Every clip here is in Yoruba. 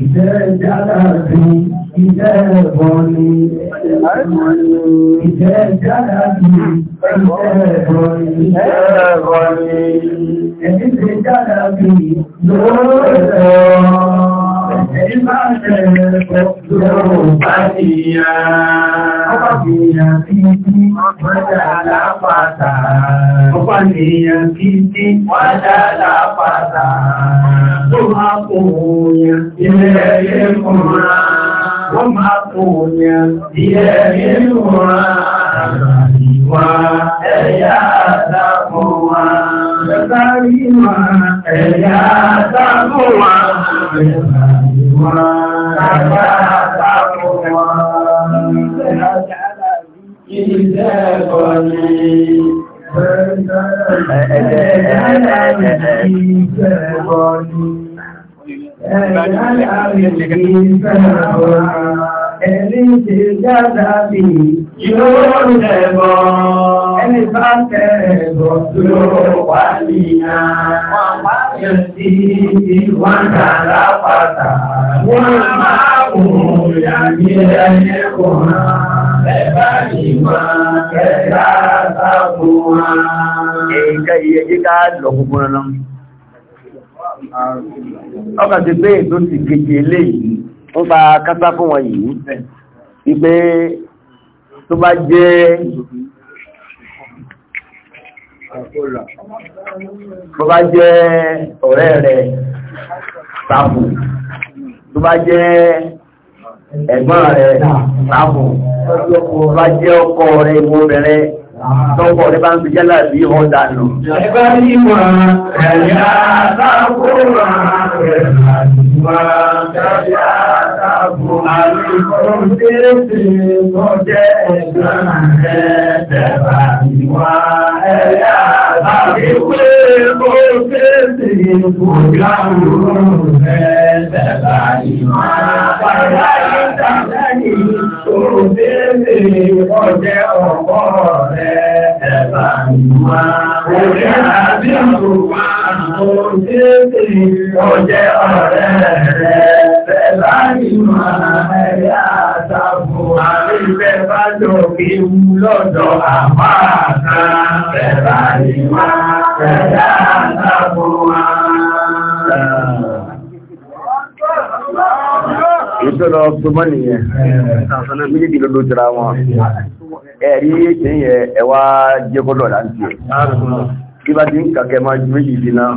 إذا جلت إذا بني إذا جلت إذا بني إذا بني إذا جلت نور Ọba nìyàn kí ní wádà lápàtà, tó máa kò òyìn ilẹ̀ ilé múra, wọ́n máa kò òyìn ilẹ̀ ilé múra, ìwà ẹ̀yà àdàkọ̀ wa, ẹ̀yà àdàkọ̀ wa, ẹ̀yà àdàkọ̀ wa. Ẹni tí dáadáa bí yóò lẹ́bọ̀, ẹni bá tẹ́rẹ̀ bọ̀ tó wà ní àpapá yẹ̀sí ìwádà lápàtà wọ́n máa kùn ìyàmí ẹni kùn ẹ̀bá ìwà kẹta sáfù wa. Ẹ̀ka iye kíká lọ gbogbo ọ̀nà. Ọkà ti pé ètò ti gègé léyìí, ó fa kásá fún wọn yìí, wípé tó bá jẹ́ tó bá jẹ́ ọ̀rẹ́ rẹ̀ sáàbù tó bá jẹ́ ẹ̀gbọ́n rẹ̀ sáàbù tó bá jẹ́ ọkọ rẹ̀ ìwọ bẹ̀rẹ̀ tọ́pọ̀ rẹ̀ bá ń fi jẹ́lá bí wọ́n dànù. ẹgbẹ́ níwọ̀n ẹ̀yà jẹ́ ẹ̀gbọ́n rẹ̀ tẹ́bà ẹ̀yà wípé ó kéde ìbòjá òun ẹ̀ẹ́dẹ̀ láì máa padà yíta lẹ́yìn tó ọjẹ́ ọ̀rẹ́ rẹ̀ ẹ̀bà ìwà ẹ̀yà àtàbù àrífẹ́ bá jọ kí wú lọ́dọ̀ àpá àtà ẹ̀rà ìwà ẹ̀dá àtàkùn wa. Ìjọba ọgbọ́n nìyẹn, ṣàṣánà méjèèjì ló ló jira wọn. Ẹ̀rí ṣe ẹwà jẹ́kọ́lọ̀ láti ẹ̀ bí bá ti ń kàkẹ́ máa ju méjì sí náà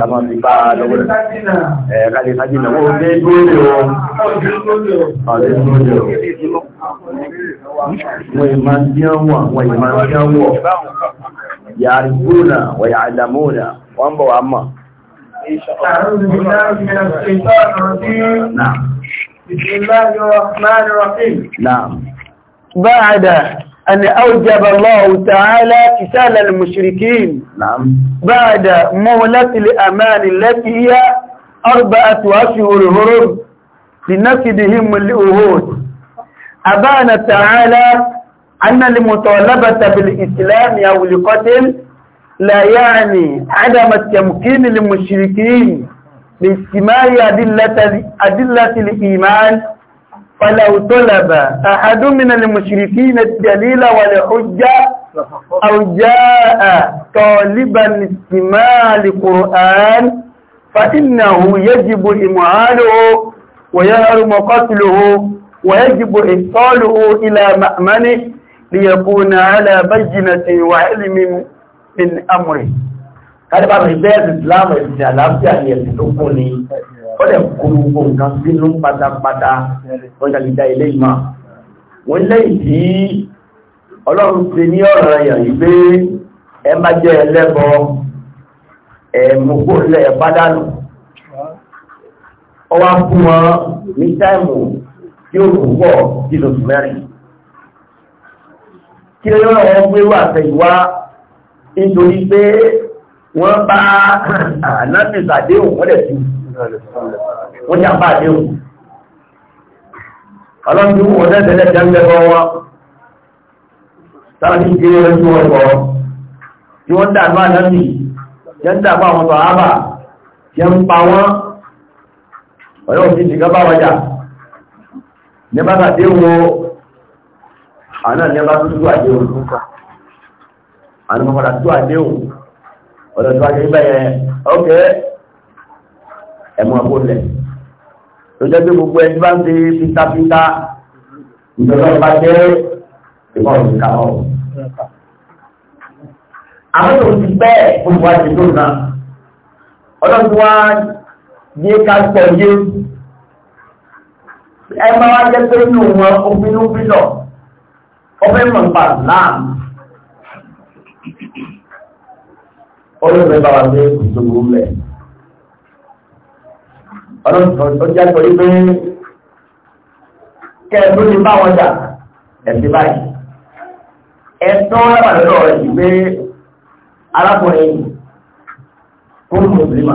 la máa fi bá a lọ́wọ́ rẹ̀ ẹ̀ ká lè sájì náà wọ́n dé lórí o ọ̀dẹ́ lórí o wọ́n yìí máa wọ́n yìí máa ń díán wọ̀ yàrá gbóná wọ́n yàrá dàmóná wọ́n bọ̀ wá mọ̀. Na'am. Bismillahir Rahmanir أن أوجب الله تعالى كسال المشركين نعم بعد مهلة الأمان التي هي أربعة أشهر هرب لنكدهم الأهود أبان تعالى أن المطالبة بالإسلام أو القتل لا يعني عدم التمكين للمشركين لاستماع أدلة, أدلة الإيمان فلو طلب أحد من المشركين الدليل والحجة أو جاء طالبا استماع القرآن فإنه يجب إمعاله ويهرم قتله ويجب إصاله إلى مأمنه ليكون على بينة وعلم من أمره هذا بعض الإسلام الإسلام يعني يسلكني ó dẹ̀ kó gbogbo nǹkan sínú pátápátá wọ́n ṣe àgbèdá ilé ìmọ̀ wọ́n lẹ́yìn tí ọlọ́run ti ní ọ̀rọ̀ èèyàn yìí pé ẹ má jẹ́ ẹlẹ́bọ ẹ̀mùgbò lẹ̀ pádánù ọ wá fún wọn ní táìmù tí ó kù pọ̀ kí lóṣù mẹ́rin kí ló yọ̀ wọ́n gbé wà tẹ̀yìnwá nítorí pé wọ́n bá ànábìsàdéhùn wọ́n dẹ̀ tún wọ́n jà bá àdéhùn ọlọ́run tó wọ́n tẹ́tẹ́lẹ̀ jẹ́ ń bẹ́ bọ́ wọn sáwọn tí tí wọ́n bọ̀ tí wọ́n dàgbà lọ́sì tí ń dàgbà àwọn ọ̀tọ̀ àbà ń pa wọ́n ọlọ́run ti dìgbà bá wọjà ní bá sàdéhùn àná ní bá tó àdéhùn àná mọ́kànlá tó àdéhùn ọ̀dọ̀ tó àdéhùn bẹ́yẹn ọ̀kẹ́ ẹ̀mọ́ ọkọ̀lẹ̀ tó jẹ́ pé gbogbo ẹni bá ń ṣe fitafita ìjọba ọba jẹ́ ìmọ̀ òṣìkà ọ̀ àwọn tó ti pẹ́ gbogbo àti tó náà ọlọ́run wá yé ká pọ̀ yé ẹ máa wá jẹ́ pé inú wọn obìnrin obìnrin lọ ọbẹ̀ mọ̀ nípa láàmù ọlọ́run bá wà pé kò tó ọlọ́run tó jẹ́ sọ wípé kẹ́ẹ̀tọ́ lè bá wọn jà ẹ̀sìn báyìí ẹ̀tọ́ wà lọ́dọ̀ rẹ̀ pé arákùnrin kò ní mùsùlùmá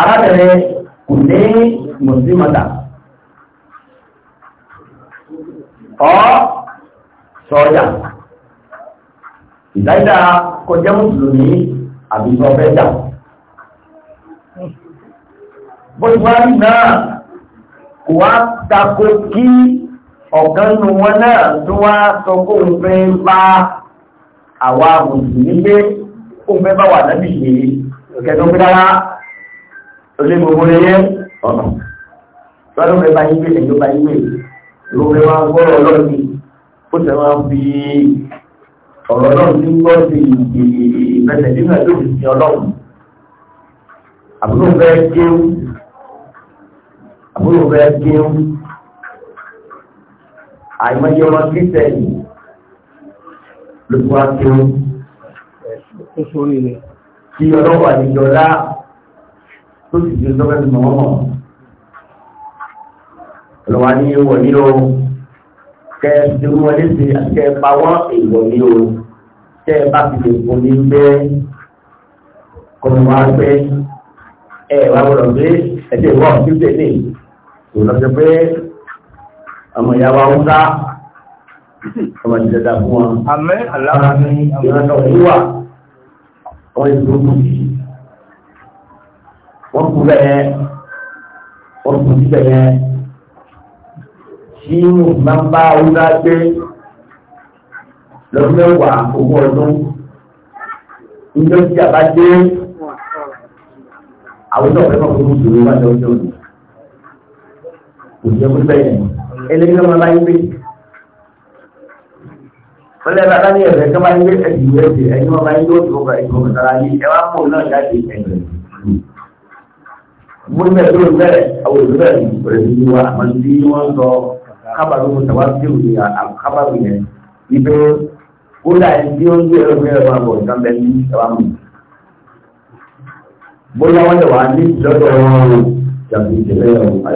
arábìnrin kò ní mùsùlùmá dà ọ sọjà ìdájà kò jẹ́ mùsùlùmí àbí jà bóyá náà kò wá tako kí ọ̀kan nu wọn náà tó wá sọ kó ń fẹ́ bá àwa mùsùlùmí pé kó ń fẹ́ bá wà nábì yìí kẹtọ́ pé rárá olè gbogbo rẹ yẹ ọ̀nà lọ́dún rẹ bá yí pé ẹ̀yọ́ bá yí pé ìlú rẹ máa ń gbọ́rọ̀ ọlọ́run ni ó sì máa ń fi ọ̀rọ̀ ọlọ́run tí ń gbọ́ sí ìbẹ̀sẹ̀ nínú ẹ̀ lóòrùn sí ọlọ́run àbúrò fẹ́ kéwù àbúrò bẹ kéwù àìmọye ọmọ kírísítẹ́nì ló tún wá kéwù. kí ọlọ́wọ́ àdìjọ́lá tó sì ti sọ́kẹ́ tó mọ̀ ọ́mọ́ ọlọ́wọ́ ní ìwọ̀ ní o kẹ́ ẹ ti wọ́n léṣe àti kẹ́ ẹ pa wọ́n ìwọ̀ ní o tẹ́ ẹ bá fi lè fún ní bẹ́ẹ̀ kọ́mọ̀ wá pẹ́ ẹ wá gbọ́dọ̀ pé ẹ ti wọ́n kírísítẹ́nì kò lọ́jọ́ pé ọmọ ìyá wa ń dá ọmọ ìjọ dá fún wọn. Amẹ́ alára ní ìrànlọ́ ìwà ọmọ ìjọ tó kì í. Wọ́n kú bẹ́ẹ̀ wọ́n kú sí bẹ́ẹ̀ tí mo máa ń bá ọ̀dá gbé lọ́dún mẹ́wàá ogún ọdún. Ìjọ tí a bá àwọn ìjọba ẹ̀fọ́ fún mi sùn wájú ọjọ́ òní ìjọba bẹ́ẹ̀ ẹlẹ́gbẹ́ máa láyé pé wọ́lẹ́ bá láyé ẹ̀rẹ́ tó máa ń gbé ẹ̀sìn ìwé ẹ̀sìn ẹ̀yìn wọn máa ń yóò tó kọ ẹ̀sìn ọ̀gá ara yìí ẹ wá mú náà jáde ẹ̀rẹ́ mo ní ẹ̀dọ́ bẹ́ẹ̀ àwọn ìlú bẹ́ẹ̀ rẹ̀ ní wa àmọ́ tí wọ́n sọ kábàrú tàwáfíù ní àkábàrú yẹn ibẹ̀ ó dà ẹni tí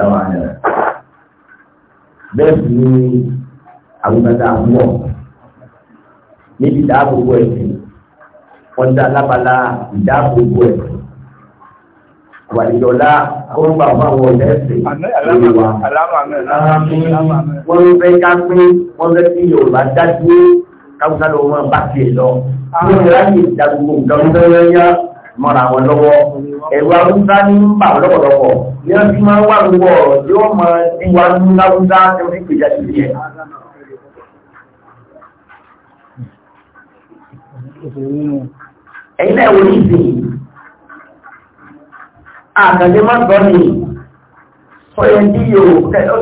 ó bẹ́ẹ̀ sì ni àwùjọta àwùjọ níbi ìdáàbòbò ẹ̀sìn wọ́n dá lábala ìdáàbòbò ẹ̀sìn wàlìjọ́lá àwọn ọgbà àwọn ọ̀dẹ́ ẹ̀sìn lórí wa wọ́n fẹ́ ká pé wọ́n fẹ́ kí Yorùbá dájú káwùjọ́ lọ́wọ́ bá tiẹ̀ lọ. Àwọn ìrántí ìdáàbòbò nǹkan fẹ́rẹ́ yá mọ́ra wọn lọ́wọ́ ẹ̀rù arúgbá ní ń bà lọ́pọ̀lọpọ̀ ní wọ́n fi máa ń wà lọ́wọ́ yóò mọ sí wa ní lárúgbá tó fi pèjà sí ẹ̀. ẹ̀yin náà wò ní ìsìn àkàndé má sọ ni sọyẹ tí yóò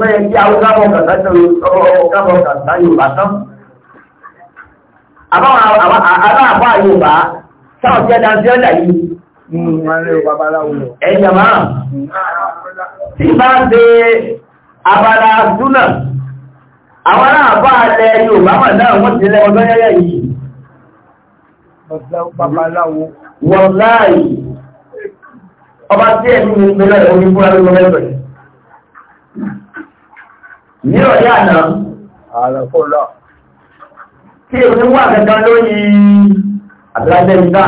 sọyẹ tí awúgbá bọ̀ kàtà tó ọ̀gá bọ̀ kàtà yóò bá tán táwọn tí ẹ̀dá tí ó dà yìí. Mm, ẹ̀yà máa tí bá ṣe abala súnà àwọn aláàbá alẹ́ Yorùbá mà náà wọ́n ti lẹ́wọ́n lọ́yẹ́yẹ́ yìí. wọ́n láàyè ọba tí ẹ̀mí mi gbẹ́lẹ̀ omi fúnra ló lọ́wọ́ ẹ̀bẹ̀rẹ̀. ní ọ̀yá àná. àlọ́ kó lọ. kí èmi wà kankan lóyìn. àtìlájẹ́gbá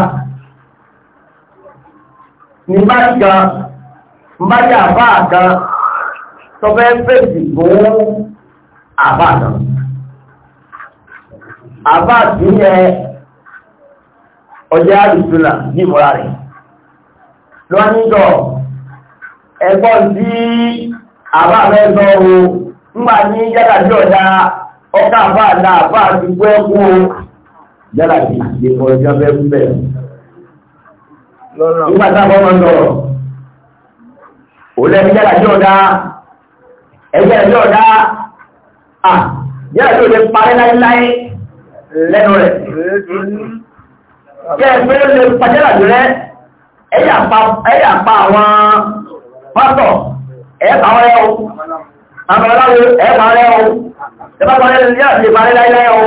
ni bá kan bá jẹ́ àbá kan fèsì fún àbá kan àbá tí yẹ ọjá ní ìmọ̀ra rẹ̀ lọ́nìjọ́ ẹgbọ́ tí àbá rẹ̀ ohun nígbà ní ọjá ọkà àbá yálà kí ìdìbò ọjọ́ bẹ́ẹ̀ ń bẹ̀. nígbà táwọn ọmọ ń lọrọ̀ òun lẹ́nu yálà tí ọ̀dá ẹgbẹ́ ẹ̀jọ́ ọ̀dá à yálà tí ò lè parí láéláé lẹ́nu rẹ̀. kí ẹ pé ó lè pàjẹ́là jù rẹ ẹ̀yà pa àwọn pásọ̀ ẹ̀ẹ́pà wọn rẹ̀ o àwọn ọlọ́run ẹ̀ẹ́pà rẹ̀ o ẹ̀ẹ́pà wọn rẹ̀ yálà tí ì parí láéláé o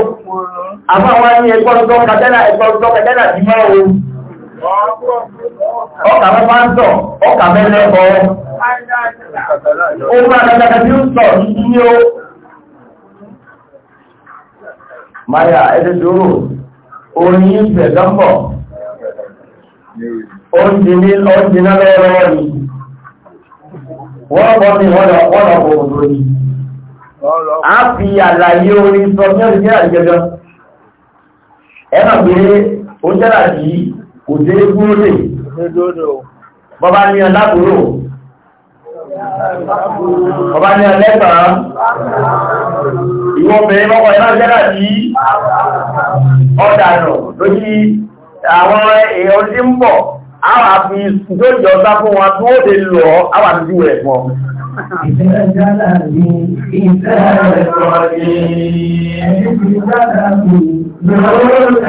àmọ́ wá ní ẹgbọ́rọ̀dọ́ kàdẹ́là ẹgbọ́rọ̀dọ́ kàdẹ́là ti máa o ọkà mẹ́fà ń sọ ọkà mẹ́lẹ́ ọ ó máa dáadáa tí ó sọ yìí ní o Maya ẹ̀dẹ́dọ́rọ̀ orin ìfẹ́ dánbọ̀ oúnjẹ náà lọ́wọ́ ni wọ́n bọ́ ní wọ́n lọ pọ̀ lọ́pọ̀ òdò ni a fi àlàyé orin sọ ní ọdún jẹ́ àjẹ́gbẹ́ ẹ̀nà pé ó jẹ́rà yìí kò dé gúrò lè bọ́bá ní ọlábúrò bọ́bá ní ọlẹ́gbàá ìwọ̀n bẹ̀rẹ̀ mọ́kọ̀ ẹ̀nà jẹ́rà yìí ọ̀dànà lójí àwọn èèyàn tí ń bọ̀ àwọn àfi ìjọ́jọ́ sá fún wọn tó ó lè lọ إذا جلبي إذا رضي إذا جلبي نور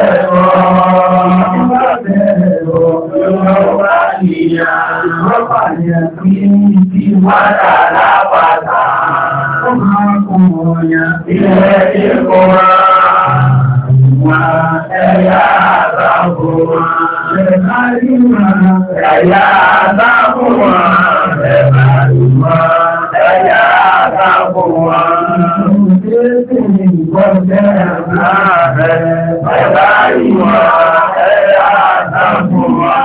Yeah, that's the one àbòwò àrùn tí ó sì ní ìgbọ́jẹ́ ààrẹ bàbá ìwà ẹ̀yà àtàbòwà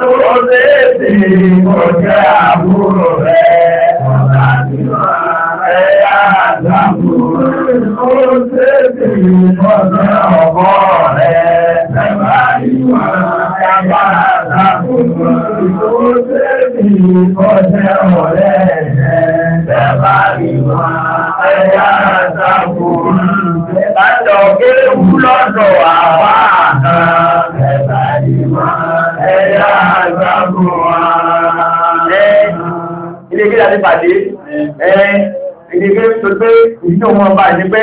tó lè sí ìgbọ́jẹ́ àbúrò rẹ̀ bàbá ìwà ẹ̀yà àtàbòwà tó lè sí ìgbọ́jẹ́ ọ̀bọ̀ rẹ̀ bàbá ìwà ẹ̀yà àtàbòwà tó lè sí ìgbọ́jẹ́ ẹ̀yà àtàkùn lájọ kéwù lọ́dọ̀ àwa kan ẹ̀bà ìmọ̀ ẹ̀yà àtàkùn wa. Ilé-ìgbé láti pàdé, ilé-ìgbé tó gbé ìdí òun ọba àti pé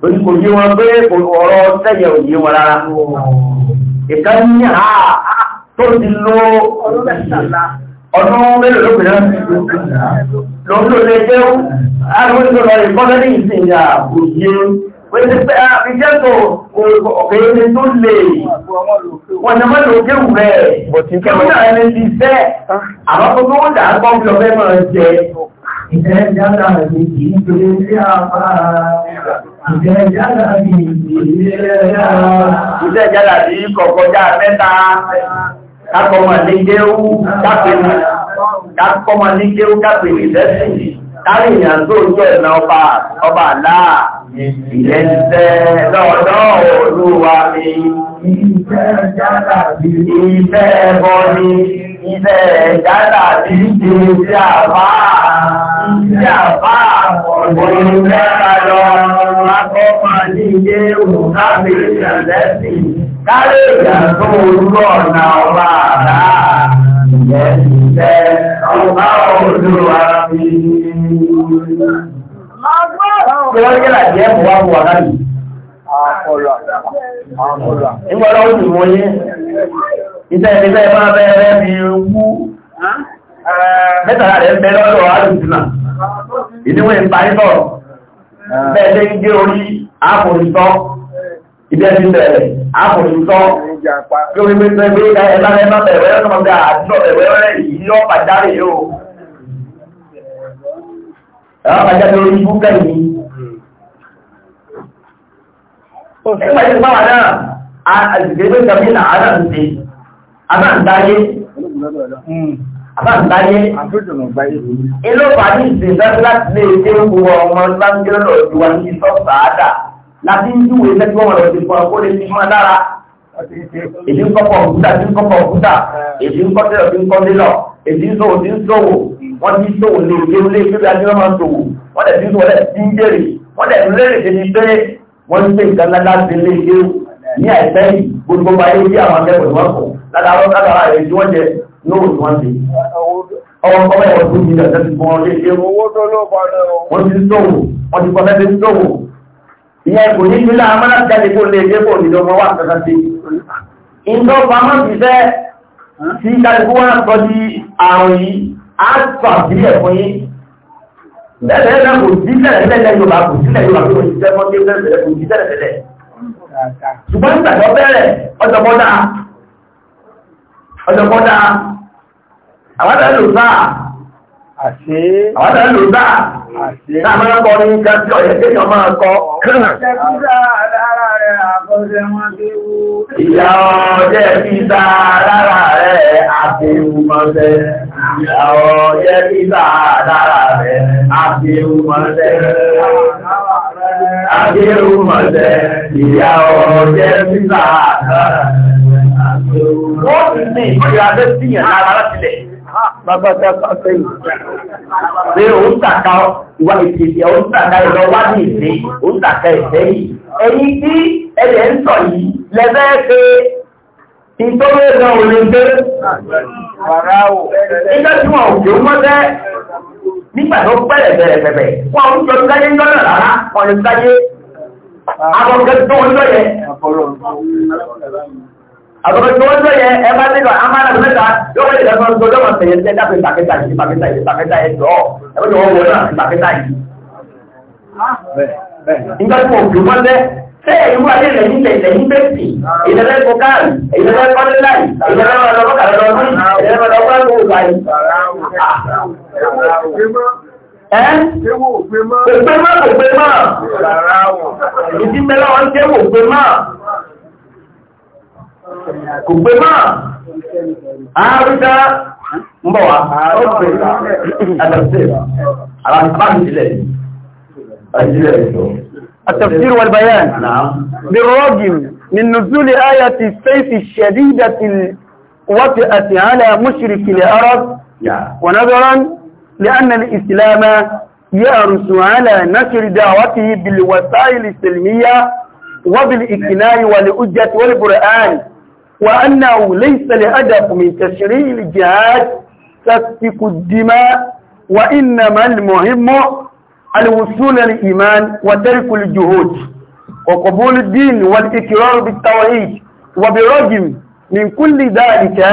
torí kò yí wọn pé ọ̀rọ̀ tẹ́yẹ̀ ò wọn rárá ìkan ní à tó ti lo ọdún mélòó ló pèrè lè jẹ́ àwọn ìṣòro ìkọ́lẹ̀ ní ìsìnyà kò wọ́n ti pẹ́ àfijẹ́tò òkèèrè tó lè wọ́n ni ah. mọ́ lókè ìfẹ́ jálà mi kì í mẹ́ta kákọmọ ní géú kápẹ̀lú kákọmọ ní géú kápẹ̀lú lẹ́sìn kárí ìyànjú ojú ẹ̀nà ọba àláà Ìjẹ́ lọ́dọ́ olúwa mi, ìfẹ́ jádà bí ìfẹ́ bọ́ ní ìfẹ́ jádà bí ìfẹ́ àbáà, ìfẹ́ ìfẹ́ àlọ́, akọ́kọ́ ní ilé òun káàbì ìṣẹ̀lẹ́sì, káàbì ìjàdó olúwa ọ̀nà ọba àdá, ìjẹ́ ọba olúwa mi kẹwàá jẹ́ wà wà láyé. Ìgbọ́dọ̀ ó sì mọ yé. Iṣẹ́ ìṣẹ́ bá bẹ́ẹ̀rẹ́ fi wú. Mẹ́tàlá rẹ̀ bẹ lọ́dọ̀ Alùsùnà. Ìdíwọ̀ ìparí sọ̀rọ̀. Bẹ́ẹ̀ ṣe ń gé orí àpòrìsọ́. Ibi ẹni bẹ̀rẹ̀ àpòrìsọ́. Kí omi pé pé ẹ̀bá ẹ̀bá bẹ̀rẹ̀ ọ̀nà ọ̀gá àti ọ̀bẹ̀rẹ̀ yìí ọ̀pàdárì yóò. Ẹ̀bá pàjáde orí ibú kẹ́yìn nípa yìí báwa náà àgbègbè tàbí náà àdá ń ṣe àbá ń dáyé àbá ń dáyé ilé ọ̀pá ní ìsìn dájú láti lè dé gbogbo ọmọ lágbèrè lọ ju wa ní sọ́ọ̀sà àdá láti ń júwèé lẹ́gbẹ́ wọn lọ́dún fún akó lè fi mọ́ dára èdè ń kọ́kọ́ òkúta èdè ń kọ́kọ́ òkúta èdè ń kọ́tẹ́lọ̀ èdè ń kọ́tẹ́lọ̀ èdè ń sòwò èdè ń sòwò wọ́n ti sòwò lè gbé lé gbé bí ajé wọn máa wọ́n ń pè nǹkan lálá sí ilé ilé ní àìpẹ́ yìí gbogbo ayé bí àwọn akẹ́kọ̀ọ́ wọn kọ̀ ládàárọ̀ ládàárọ̀ rẹ̀ tí wọ́n jẹ lóòrùn wọn ti. ọwọ́ ọmọ ẹ̀wọ̀n tó ti dàgbà ti gbọ́n lé ilé wọ́n ti sòwò wọ́n ti kọ́fẹ́ ti sòwò. ìyẹn kò ní ìpínlẹ̀ amọ́lájáde kó lè dé kó nílò ọmọ wa kankan sí. ìjọ pamọ́ ti fẹ́ sí kálukú wa sọ di àrùn yìí á sọ àbílẹ̀ fún yín lẹ́lẹ̀ ẹ̀rẹ́ kò sí lẹ́lẹ̀ lẹ́lẹ̀ Yorùbá kò sí lẹ́lẹ̀ Yorùbá kò sí lẹ́lẹ̀ kò sí lẹ́lẹ̀ kò sí lẹ́lẹ̀ lẹ́lẹ̀ ṣùgbọ́n ìgbàgbọ́ bẹ̀rẹ̀ ọjọ́kọ́dá ọjọ́kọ́dá àwádàá lò sáà àṣé àwádàá lò sáà Àwọn jẹ́ títà lára rẹ̀, àti ewu mọ́lẹ̀. Àti ewu mọ́lẹ̀, ìyá ọ̀rọ̀ jẹ́ títà lára rẹ̀. Wọ́n ti ní ìgbéra lé síyàn lára látilẹ̀. Bàbáta pàṣẹ yìí. Ṣé o ń tàka ìwà ìṣèṣẹ́, o ń tàka ìlọ́wà ní ìṣe, o ń tàka ìṣẹ́ yìí. Ẹ̀yin tí ìtọ́wé ẹ̀dá ò lè gbé ẹgbẹ́ tí wọ́n òkè ó mọ́tẹ́ nígbà tó pẹ́lẹ̀ bẹ̀rẹ̀ bẹ̀rẹ̀ wọ́n ń jọ dáyé lọ́nà rárá wọ́n lè dáyé abọ́gẹ́ tó ń lọ yẹ abọ́gẹ́ tó ń lọ yẹ ẹ bá nígbà amára mẹ́ta yóò lè lọ́nà tó lọ́nà tẹ̀yẹ tẹ́ dábẹ́ ìpàkẹ́ta yìí ìpàkẹ́ta yìí ìpàkẹ́ta yìí tọ́ ẹgbẹ́ tó wọ́n wọ́n náà ìpàkẹ́ta yìí bẹ́ẹ̀ ìwọ alẹ́ rẹ̀ nílẹ̀ lẹ́yìn pẹ́sì ìrẹ́lẹ́ kokan التفسير والبيان نعم بالرغم من نزول آية السيف الشديدة الوطئة على مشرك العرب نعم. ونظرا لأن الإسلام يأرس على نشر دعوته بالوسائل السلمية وبالإكناء والأجة والبرآن وأنه ليس لأدب من تشريع الجهاد تسفك الدماء وإنما المهم الوصول للإيمان وترك الجهود وقبول الدين والإكرار بالتوحيد وبرجم من كل ذلك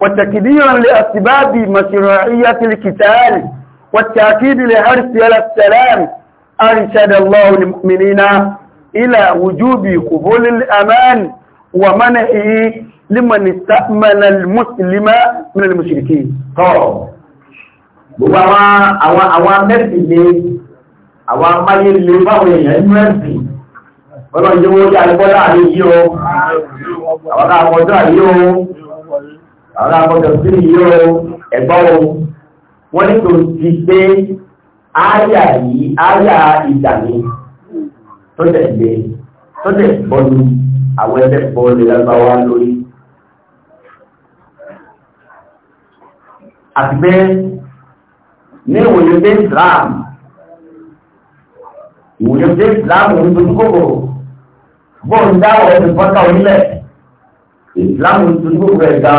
وتكبيرا لأسباب مشروعية القتال والتأكيد لحرص على السلام أرشد الله المؤمنين إلى وجوب قبول الأمان ومنعه لمن استأمن المسلم من المشركين. طبعا. àwọn àwọn àwọn mẹ́sìlẹ̀ àwọn amáyé lè báwọn èèyàn inú ẹ̀sìn ọlọ́run jẹ́ wọ́n jẹ́ àrígbọ́dá àrí yí o àwọn àmọ́jọ́ àrí o àwọn àmọ́jọ́ sí yí o ẹ̀gbọ́n o wọ́n ní tó ti pé áyà yìí áyà ìdàmí tó tẹ̀lé tó tẹ̀ bọ́nu àwọn ẹgbẹ́ bọ́ọ̀lù lágbàwá lórí àti pé ní òye pé Islam òun ṣe ìsìláàmù ní dojúkòkò bóun dáwọ̀ ẹ̀sìn pátá onílẹ̀ ìsìláàmù ní dojúkòkò ẹ̀dá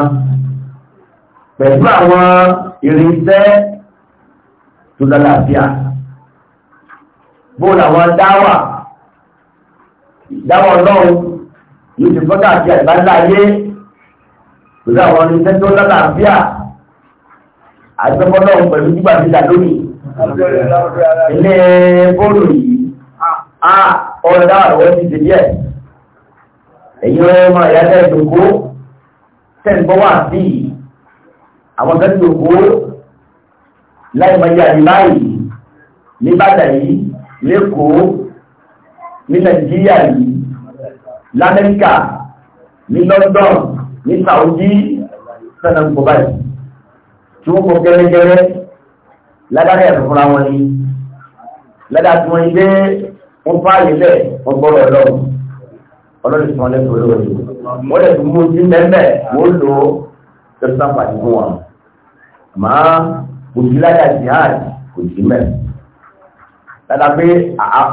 pẹ̀lú àwọn irinṣẹ́ tó lálàáfíà bóun àwọn dáwà dáwà ọlọ́run yóò ti pátá àti àgbáńláyé pẹ̀lú àwọn irinṣẹ́ tó lálàáfíà àti ọmọ náà pẹ̀lú gbígbà nígbà lónìí ilé bóòlù yìí a ọ̀dá àwọn ti dè díẹ̀ èyí ọmọ ìyá tẹ́ ìdòkó tẹ́ǹgbọ́ wà sí àwọn kan ìdòkó láì máa yà ní báyìí níbàdàn yìí lẹ́kọ̀ọ́ ní nàìjíríà yìí lamẹ́ríkà ní london ní saudi sẹ́nà ń gbọ́ báyìí tí wọ́n kọ́ gẹ́rẹ́gẹ́rẹ́ ládàá ẹ̀fọ́ fúnra wọn ni ládàá wọ́n yí wọ́n bá ilẹ̀ wọ́n gbọ́rọ̀ ọlọ́run ọlọ́run tí wọ́n lè torí ojú wọ́n lè fún mojú mẹ́mẹ́ wọ́n lò ó tẹ̀sán pàdé fún wọn àmọ́ kò sí láyà jihad kò sí mẹ́ dada pé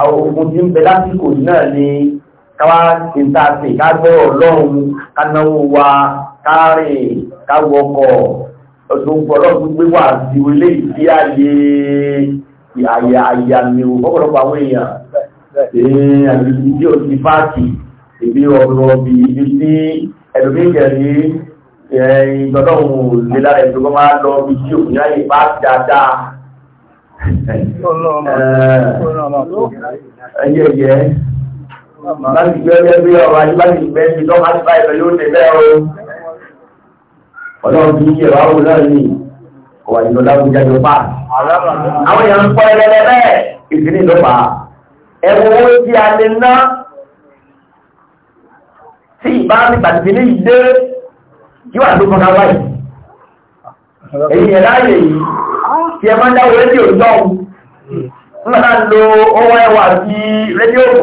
ogun tí ń bẹ lásìkò náà ni káwá ti ń ta sí ká gbọ́rọ̀ ọlọ́run ká náwó wa ká rìn ká wọkọ̀ ọdún ọlọ́run gbé wà sí ilé ìdí àyè àyè àyè àmì òpópọ̀lọpọ̀ àwọn èèyàn èyí àgbègbè tí ó ti fáàkì ìbí ọ̀rọ̀ ọ̀bì ibi tí ẹ̀lùmí ìjẹ̀rí ìgbọ́dọ̀ òun lè lára ẹ̀tọ́ kọ́ máa lọ bí tí òun yáyè bá dáadáa. ẹyẹ yẹ láti gbé ẹgbẹ́ bí ọ̀rọ̀ ajé bá ti gbẹ́ ibi tó máa ti bá ìbẹ̀ yóò tẹ̀ bẹ́ẹ̀ o. ọlọ́run kì í yẹ̀ wá wò náà ni kò wà nínú láwùjọ jọ pa. àwọn èèyàn ń pọ́ ẹlẹ́lẹ́ bẹ́ẹ̀ ìdílé ló pa á ẹ̀wọ̀n owó tí a lè ná tí ìbá ní pàtìkìlì ìdé yíwà tó kọ́nà báyìí èyí ẹ̀ láàyè yìí tí ẹ máa ń dáwọ́ rédíò lọ́wọ́ nígbà lo owó ẹwà sí rédíò kù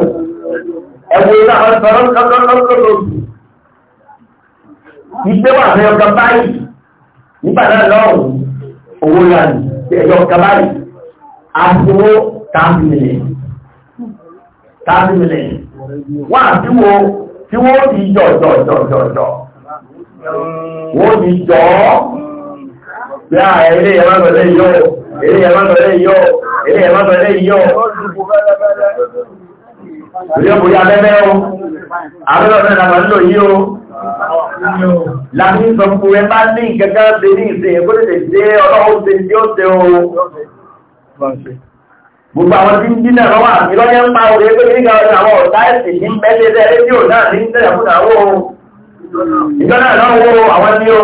ẹ̀wọ̀n náà sọ̀rọ̀ lọ́sọ̀rọ̀ ìgbé wà fẹ́ ọkàn báyìí nígbà náà lọ́wọ́ owó tàbí ilẹ̀ wà tí wo tí wọ́n ti jọ jọ jọ jọ jọ wọ́n ti jọ ọ́ bí a eré ẹ̀mọ́ tọ́lẹ̀ yọ eré ẹ̀mọ́ tọ́lẹ̀ yọ eré ẹ̀mọ́ tọ́lẹ̀ yọ ìrìn òkú ya bẹ́bẹ́ o àbẹ́lọ́fẹ́ làmà ń lò yí o láti sọ fún ẹ bá ní ìgẹ́gẹ́ gbogbo àwọn tí ń dínà lọ́wọ́ àmì lọ́yẹ́ ń pa orí pé nígbà ọdún àwọn ọ̀tá ẹ̀sìn ní mẹ́lẹ́lẹ́ rédíò náà ní tẹ̀lẹ̀ ìjọ náà lọ́wọ́ àwọn ní o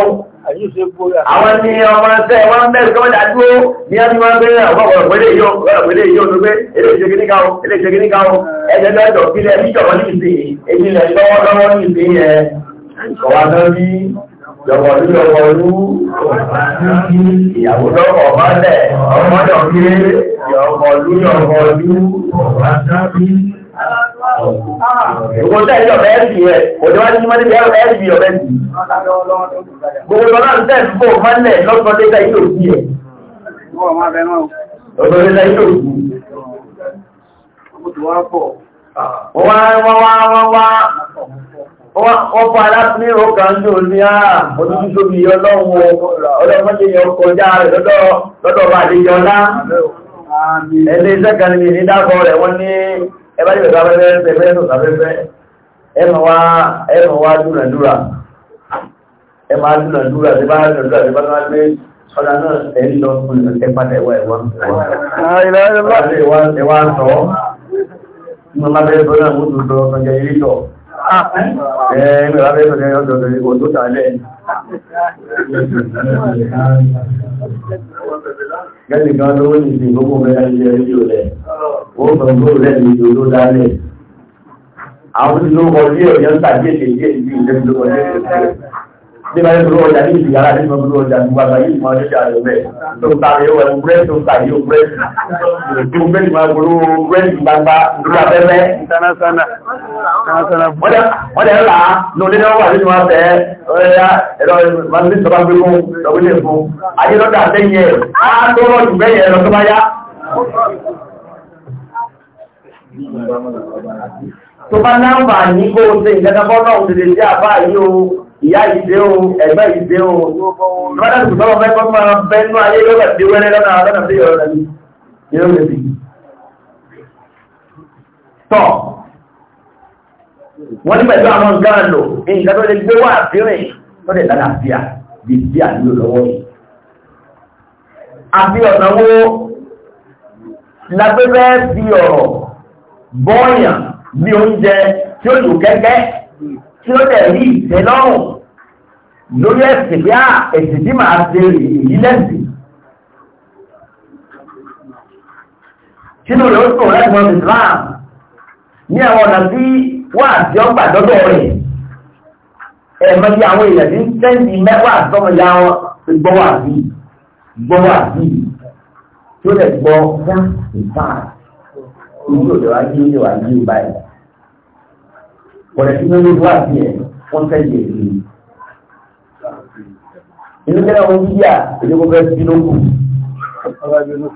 àwọn ní ọmọ ẹsẹ̀ wọn ń bẹ̀rẹ̀ tọ́jà dúró ní ẹni wọn gbé ọgbọ̀gbọ̀ ìpínlẹ̀ yìí ìpínlẹ̀ yìí olùgbé eléṣe kìnnìkan o eléṣe kìnnìkan o ẹ̀jẹ̀ Jọ̀bọ̀lú jọ̀bọ̀lú, ìyàwó lọ́kọ̀ mọ́lẹ̀, ọmọdọ̀ kéré, jọ̀bọ̀lú jọ̀bọ̀lú, Gbogbo tẹ́ ìjọ bẹ́ẹ̀ sí ẹ̀, òjò wá ní mọ́lẹ̀ bẹ́ẹ̀ bẹ́ẹ̀ sí ọ̀bẹ́ sí. Gbogbo lọ́nà tẹ́ fò mọ́lẹ̀ lọ́sọ̀ tẹ́ta ìlò sí ẹ̀. Lọ́sọ̀ tẹ́ta ìlò sí. Wọ́n wá wọ́n wá wọ́n wá ọ̀pọ̀ aláàfin ọkàn ní òní àà ọdún tó bí ọlọ́run ọlọ́mọdé yọ kọjá rẹ̀ lọ́dọ̀ bá lè yọ náà ẹni iṣẹ́ kan ní ìdákọ̀ rẹ̀ wọ́n ní ẹbá ní ìgbà fẹ́fẹ́ fẹ́fẹ́ ẹmọ̀ wá dúnàdúrà ẹmọ̀ wá dúnàdúrà tí bá dúnàdúrà tí bá náà gbé ọ̀nà náà ẹ̀ ń lọ fún ẹ̀pàdà ẹwà ẹ̀wà ẹ̀wà sọ Ẹ̀ẹ́mì rábẹ́ ìrọ̀lẹ́ ọjọ́dọ̀ ìwò tó tààlẹ́. Gẹ́lì kan lówó ní ìsìn gbogbo mẹ́rin ilẹ̀ ìjò rẹ̀, ó gbogbo rẹ̀ ní ìjò tó dálẹ̀. Àwọn ìlú ọjọ́ ìyẹn tàbí èdè díẹ̀ bí bá yẹ kúrò ọjà ní ìsìn yàrá nínú ọdún ọjà ní wàgbà yìí máa lọ́jà rẹ̀ bẹ́ẹ̀ tó ń ta rẹ̀ wẹ̀ ń búrẹ́ tó ń ta yìí ó búrẹ́ tó ń bẹ́ẹ̀ máa gbòòrò búrẹ́dì gbangba dúró abẹ́rẹ́. wọ́n dẹ̀ ńlá ní onídé wà nínú abẹ́ ọ̀rẹ́dá ẹ̀rọ gbé fún lọ́gbẹ́lẹ̀ fún ayé lọ́dà lẹ́yìn ẹ̀ tó bá náà ní kó ṣe ìgbẹ́gbẹ́ náà ti lè àbá yìí o ìyá ìdé o ẹgbẹ́ ìdé o lọ́dọ̀ tó bá wọ́n fẹ́ máa bẹ́nu ayé lọ́dọ̀ tí wẹ́rẹ́ lọ́nà lọ́nà tí yọ̀rọ̀ rẹ̀ ní ó lè fi. tọ́ wọ́n ní pẹ̀lú àwọn nǹkan lò nǹkan tó lè gbé wà àfihàn tó lè dáná àfíà bí ọ̀rọ̀ bọ́ọ̀yàn bí oúnjẹ tí ó lù kẹ́kẹ́ tí ó dẹ̀ rí ìtẹ́lọ́rùn lórí ẹ̀sìn bí a ẹ̀sìn tí màá ṣe èyí lẹ́sìn. sínú rẹ̀ ó sùn lẹ́gbọ̀n Islam ní àwọn ọ̀nà tí wà tí ó gbàdọ́dọ̀ rẹ̀ ẹ̀mọ́ tí àwọn èèyàn tí ń tẹ́ǹdì mẹ́wàá sọ́mọ ya wọn ti gbọ́ wà sí gbọ́ wà sí tí ó lè gbọ́ dá ìfà ìlú òdòwájú ìwà yìí báyìí por tí wọ́n ní wá sí ẹ̀ wọ́n tẹ̀lé èdè yìí. inú kẹ́lá wọn bí yà èdè kò fẹ́ sí lóko.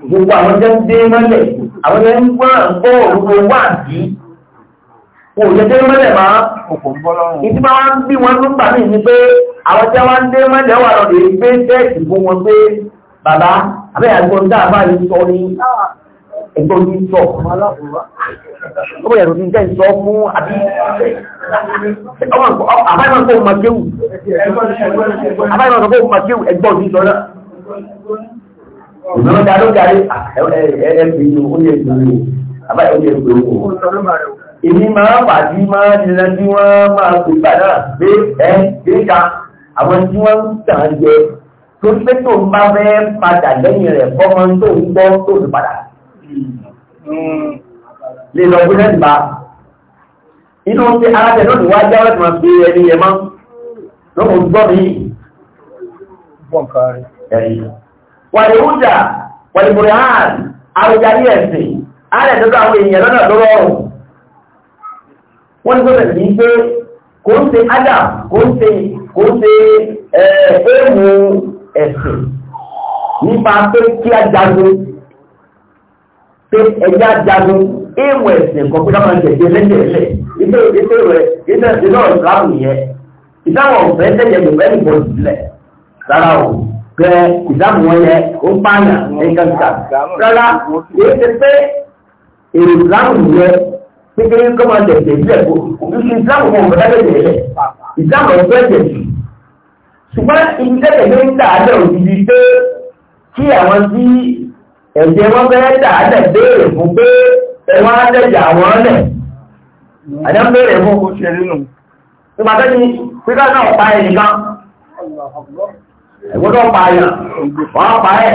gbogbo àwọn jẹ́ ń dé mọ́lẹ̀ àwọn jẹ́ ń wá ń bọ́ òrùkọ wá sí. kò jẹ́ dé mọ́lẹ̀ máa. ìdí máa ń bí wọn mí ni pé àwọn tí wọ́n ń dé mọ́lẹ̀ wà lọ́dọ̀ èyí pé tẹ́ẹ̀sì fún wọn pé bàbá abẹ́yàgbọ́n dáàbá ẹgbẹ́ orí ń sọ ọmọ ìyàtọ̀ ní jẹ́ ìsọ fún àbí àbáyọ̀ tó máa kéwù àbáyọ̀ tó máa kéwù ẹgbẹ́ orí sọ náà òmìnira dáadó jáde ẹgbẹ́ ìlú oúnjẹ ìlú rẹ̀ àbáyọ̀ oúnjẹ ìlú rẹ̀ èmi máa pàdé máa nira tí wọ́n máa pè bá náà pé ẹ gbé ka àwọn tí wọ́n ń tàn jẹ tó pé tó ń bá fẹ́ padà lẹ́yìn rẹ̀ fọ́mọ tó ń gbọ́ tó ń padà lè lọ gbé lẹ́sìn bá inú ti alájẹ náà níwá jẹ́ ọ̀rẹ́ tí wọ́n fi ẹni yẹ máa lọ́pọ̀ gbọ́ mi wàlẹ̀ oúnjẹ wàlẹ̀ bùrẹ̀ hàn àrùjárí ẹ̀sìn ààrẹ tó káwọn èèyàn lọ́nà lọ́rọ̀ wọ́n ní gbọ́dọ̀ sí pé kò ń ṣe adam kò ń ṣe kò ń ṣe ẹ̀ẹ́mù ẹ̀sìn nípa pé kí a jagun pé ẹ̀yà jagun éèwọ̀ ẹ̀sìn kan pé dáwọn ẹ̀jẹ̀ lẹ́jẹ̀lẹ̀ ilé ìdílé rẹ̀ ilé ìdílé ìsìlámù yẹn ìsáwọn ọ̀fẹ́ tẹ̀yẹ̀ gbẹ̀gbẹ́ nìbọn sílẹ̀ rárá o pé ìsáàmù wọn yẹ ó ń pààyàn nǹkan kan rárá èyí ti pé èrò ìsìlámù yẹn kékeré kọ́ máa tẹ̀sẹ̀ sílẹ̀ kó ìsìlámù kan ọ̀fẹ́ tẹ̀yẹ̀ ìsìlámù ọ̀fẹ́ tẹ̀sẹ̀ ṣùgbọ́n ìdílé tẹ̀yẹ̀ ń ẹ̀jẹ̀ wọ́n fẹ́ dàálẹ̀ béèrè fún pé ẹwọ́n àtẹ̀jà wọ́n lẹ̀ àjọ béèrè fún kò ṣe nínú tó bá tẹ́jú píkà náà pa ẹ̀ nìkan ẹ̀gbọ́dọ̀ pa ẹ̀ wọ́n pa ẹ̀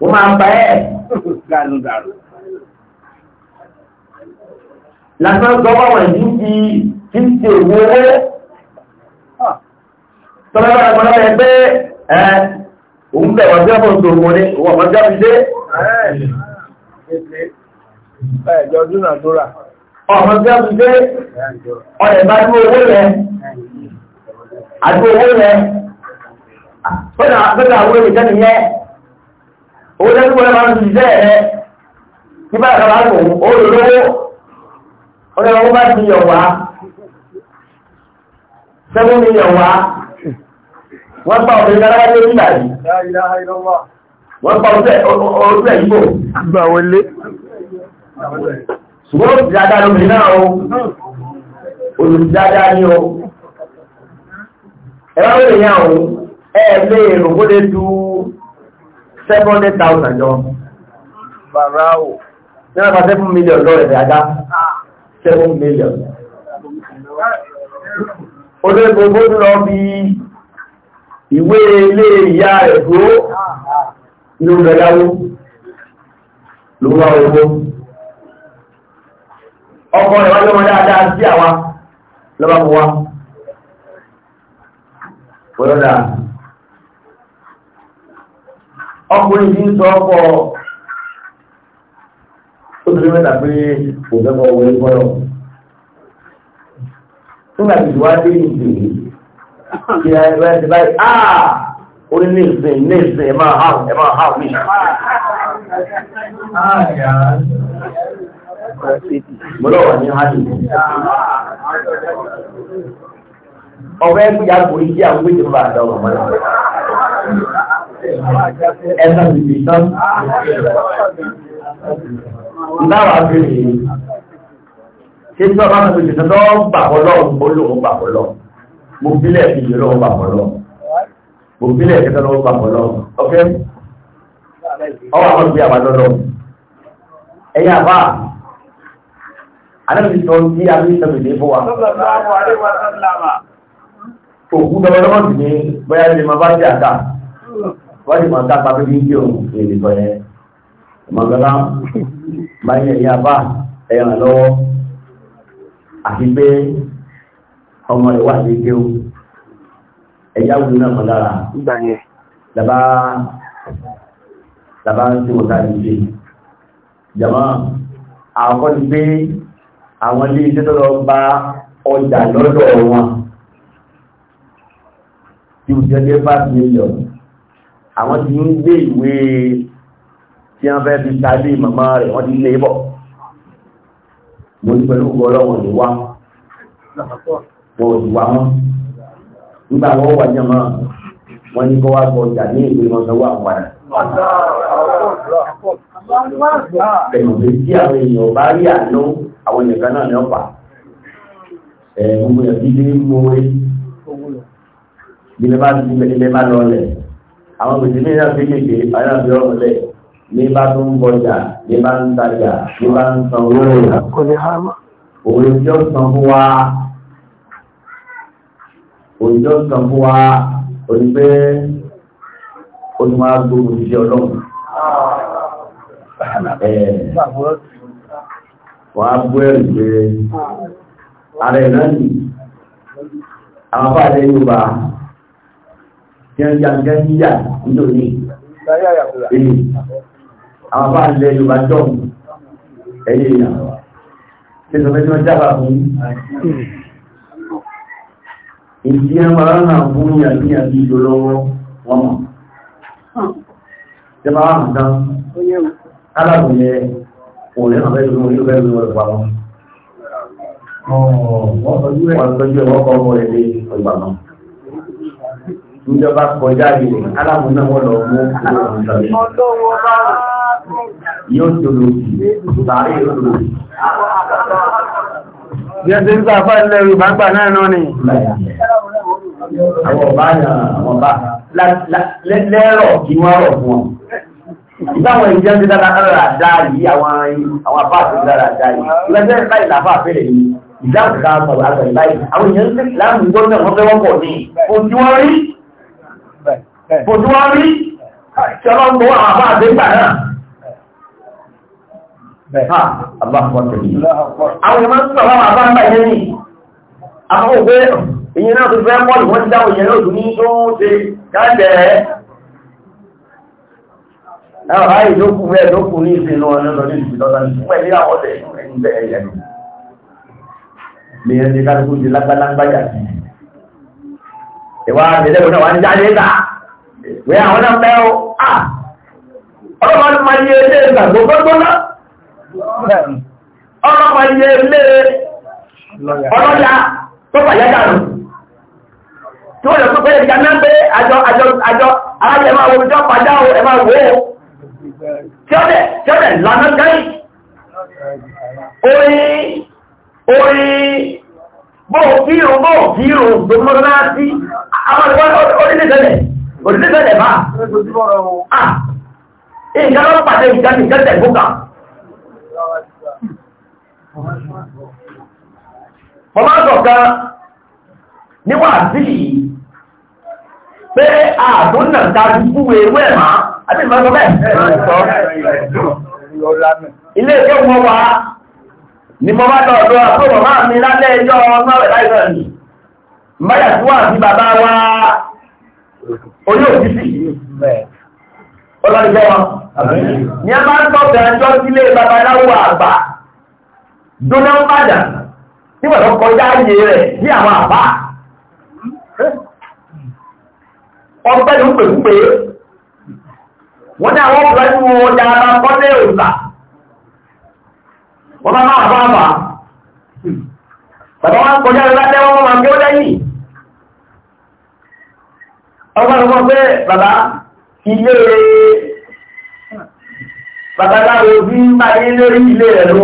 wọ́n máa pa ẹ̀ lásán sọ báwọn ìdí ti ti ti owó ah. tọ́lọ́bàá ẹgbẹ́ ẹ̀ òun bẹ̀ wọ́n jábọ̀ tó wọ́n ní wọ́n máa jábí dé ẹ̀jọ́ dúnà tó rà ọmọ jábí dé ọ̀rẹ́ bá dú owó rẹ̀ àdú owó rẹ̀ fẹ́nà àpẹẹrẹ àwọn ènìyàn nìyẹn owó jẹ́ pípọ́ lẹ́wọ́n ti jẹ́ ẹ̀ nígbà ìjọba tó ó lò lówó ọ̀rẹ́ wọn bá ti yọ̀ wá sẹ́wọ́n mi yọ̀ wá wọ́n gbá ọ̀rẹ́ lára lé nígbà yìí wọ́n gbá ọ̀rẹ́ ìgbò gbà wọlé ṣùgbọ́n òsì dáadáa lómi náà o òsì ní o ẹ̀rọ ìrìn àwọn ẹ̀ẹ́lẹ́ ìrògbólé du 700,000 jọ bàbá o ní wọ́n 7 million lọ́rẹ̀ dáadáa ah. 7 million olóògbé gbogbo lọ bí ìwé ilé ìyá ẹ̀kó ló ń bẹ̀láwó ló wá owó ọkọ̀ rẹ̀ wájọ́ wọn dáadáa sí àwa lọ́bá mú wá pọ̀lọ́dà ọkùnrin yìí ń sọ ọkọ̀ ó ti rí mẹ́ta pé kò fẹ́ kọ́ owó ẹ̀kọ́ lọ nígbà tí ìwádìí ìgbèrè ó ah! ní ìsìn ní ìsìn ẹ máa hàn ẹ máa hàn ní hajj. ọ̀fẹ́ ìyá kò ní àwọn méjì bá dá ọmọ náà. ẹ̀sán tán. Ìdáwà bèrè ṣé tí ọba náà ti mo bílẹ̀ ìjọ lọ́wọ́ papọ̀ lọ mo bílẹ̀ ìjọ lọ́wọ́ papọ̀ lọ ok ọwọ́ àwọn ìgbé àbájọ lọ ẹ̀yà bá anábì sọ sí abínísọ̀bìnrin fún wa òkú lọ́wọ́lọ́wọ́ sì ní bóyá ilé máa bá jẹ́ àká wọ́n ti máa dápa bí bíi òun èrè sọ yẹn ìmọ̀gbẹ́lá máa ń yẹ ìyá bá ẹ̀yà lọ́wọ́ àti pé ọmọ rẹ̀ wà ní gẹ́ o ẹ̀yà wù náà mọ̀ lára nígbà yẹn làbá làbá tí wọ́n sáré ṣe jàmọ́ àkọ́kọ́ ni pé àwọn ilé iṣẹ́ tó lọ bá ọjà lọ́dọ̀ wọn tí ó jẹ́ five million àwọn tí ń gbé ìwé tí wọ́n fẹ́ fi sáré màmá rẹ̀ wọ́n ti lé bọ̀ mo ní pẹ̀lú ọlọ́wọ̀n ní wá kò wà mọ́ nígbà wọ́n wà jẹ́ mọ́ wọ́n ní kọ́ wá gbọ́ ọjà ní ìwé wọn sanwó àwọn padà. Bẹ̀rù pé tí àwọn èèyàn bá rí àánú àwọn èèyàn kan náà ní ọ̀pá. Ẹ gbogbo èèyàn bíi ní mowé. Bí bá ti bẹ̀rẹ̀ ilé bá lọlẹ̀. Àwọn gbèsè ní ìyá fi kéde, àwọn ìyá fi ọ̀rọ̀ lẹ̀. Ní bá tó ń bọjà, ní bá ń tajà, ní bá ń sanwó. Òwe tí ó san òjò kan fún wa orí pé ó ti máa gbogbo ìṣẹ́ ọlọ́run wọ́n á gbọ́ ẹ̀rù pé ara ẹ̀rọ nì àwọn bá lè yóò bá tí wọ́n yá gẹ́gẹ́ yíyà nítorí àwọn bá lè yóò bá jọ́ ẹ̀yẹ ìyàwó tí wọ́n jábà fún èdè ẹmàrá náà fún yàbí àbí ìjọ lọ́wọ́ wọn mọ̀. jẹba wà nǹkan alábòyẹ òòrẹ́ náà fẹ́ lórí orí bẹ́ẹ̀ lórí ọ̀pá wọn. wọ́n tọ́jú ẹ̀ wọ́n kọ́ ọmọ rẹ̀ lé ọgbà náà. ìjọba kọjá ilé alábòyẹ náà wọ́n lọ mú owó ọ̀hún yóò tó lòdì sàárè yóò tó lòdì bí ẹn tí ń sáfà ilẹ̀ yorùbá gbà náà náà ni àwọn ọba àwọn ọba lẹ́rọ̀ kí wọ́n rọ̀ fún wọn ìgbàwọn ìjẹ́ ti dára dára dáa yìí àwọn apáàtì dára dáa yìí ìgbàjẹ́ láì làfà fẹ́rẹ̀ yìí ìdáhùn ká sọ̀rọ̀ àgbẹ̀ láì àwọn èèyàn ń tẹ̀lé láàmú ìjọ náà wọ́n fẹ́ wọ́pọ̀ ní ojú wọn rí ojú wọn rí tí ọlọ́run tó Ha, Allah Àwọn ìmọ̀ sọ̀rọ̀ àwọn àbámbà yẹn ni, àwọn òwe ìyẹn náà tó fẹ́ mọ́lù wọ́n ti dáwọn ìyẹn náà tó ní tó ṣe káàkẹ́ ẹ̀. Ẹ̀rọ ayé tó di lágbálágbá yà sí. Ìwà àgbẹ̀lẹ́wọ̀n náà wà ọlọ́pàá ilé ilé ọlọ́yà tó pàyẹ́ dànù tí wọ́n lọ tó pẹ́lẹ̀ ìjà náà pé àjọ àjọ àjọ alájẹ máa wo ìjọ pàjá o ẹ máa wò ó tí ó dẹ̀ tí ó dẹ̀ lànà gáì orí orí bóò kírun bóò kírun gbogbo náà sí àwọn orílẹ̀-èdè orílẹ̀-èdè bá ah ìjọba pàdé ìjọba ìjọba ìgbókà Mo máa sọ kan níwà sí yìí pé àdúnnà tàbí fúwé ewé ẹ̀má, àti ìmọ̀ ọmọ bẹ́ẹ̀. Ilé ìjọ mọ́ wa ni mo bá lọ ọ̀dọ́ àpòrọ̀ máa mi lálẹ́ ẹjọ́ ọmọrẹ̀ láìsàn ni. Mbáyà tí wà sí bàbá wa orí òtítì. Ọlọ́rin jẹ́ ní a máa ń tọ́ka ẹjọ́ sílé babaláwo àgbà dóná ń padà tí wọ́n lọ kọjá ayé rẹ̀ sí àwọn àbá ọgbẹ́ ló ń pè pé wọ́n ní àwọn ọ̀pọ̀lọpọ̀ ẹ̀sùn wọn ọjà ara kọ́lé òǹkà wọ́n máa máa bá bá bàbá wọn kọjá lọ lábẹ́ wọn máa gbé ó lẹ́yìn ọgbẹ́ ló mọ̀ pé bàbá ilé rẹ̀ babaláwo bí máyé lórí ilé rẹ̀ ló